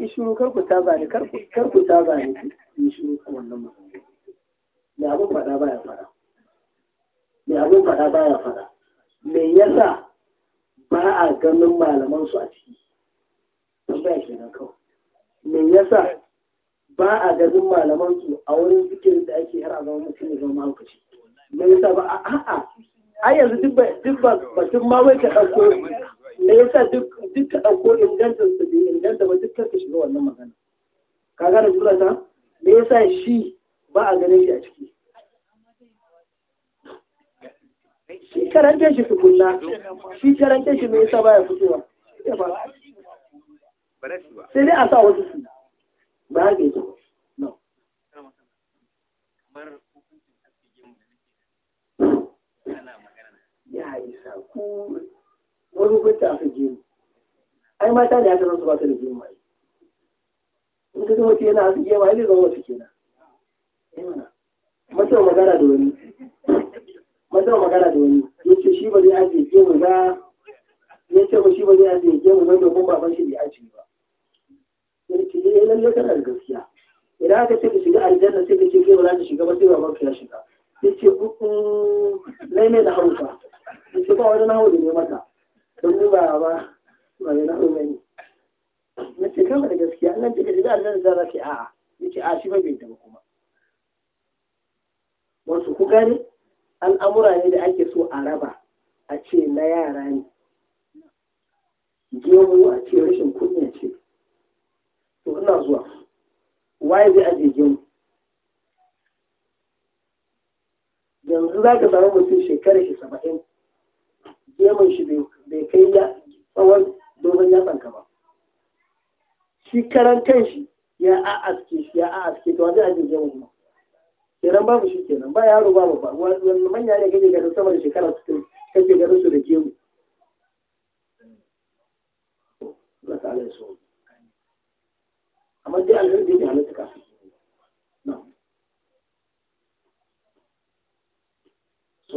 in shiru kar ku taba ne kar ku taba ne in shiru kan wannan magana me abin faɗa baya faɗa me abun faɗa baya faɗa me yasa ba a ganin malaman su a ciki tambaya kenan kawai me yasa ba a ganin malaman su a wurin zikirin da ake har a zama mutum ya zama mahaukaci me yasa ba a'a ai yanzu duk ba batun ma wai ka ɗauko me ya sa duk ka ɗauko inganta su bai inganta ba duk ka shiga wannan magana ka gane jura ta ya sa shi ba a ganin shi a ciki shi karanta shi kunna, shi karanta shi me yasa ya fitowa sai dai a sa wasu su ba haka yake ya isa ku wani hukunci a kan gemu ai mata ne ya zama su ba ta da gemu mai in ka zama yana a gemu ai zai zama wasu kenan mace magana da wani mace magana da wani ya ce shi ba zai ajiye gemu ba ya ce ba shi ba zai ajiye gemu ba domin baban shi bai ajiye ba ya ce ya eh, lalle kana da gaskiya idan aka ce ka shiga aljanna sai ka ce kai ba za ka shiga ba sai ba ka ya shiga ya ce lai ne da hausa ya ce ba wani na hau da ne mata tun ba ba ba na umani na ce kama da gaskiya nan ce ka shiga da za ka ce a'a ya ce a shi ba bai taɓa kuma wasu ku gane al'amura ne da ake so a raba a ce na yara ne gemu a ce rashin kunya ce to ina zuwa waye zai ajiye gemu yanzu za ka samu mutum shekarar shi saba'in gemun shi biyu bai kai ya tsawon dogon tsanka ba shi karan kan shi ya a aske shi ya a aske to wanda ake jami'a kenan babu shi kenan ba yaro ba wani manya ne kake ganin sama da shekara ke kake ganin su da gemu Allah ta'ala ya so amma dai alhamdulillah halatta kafin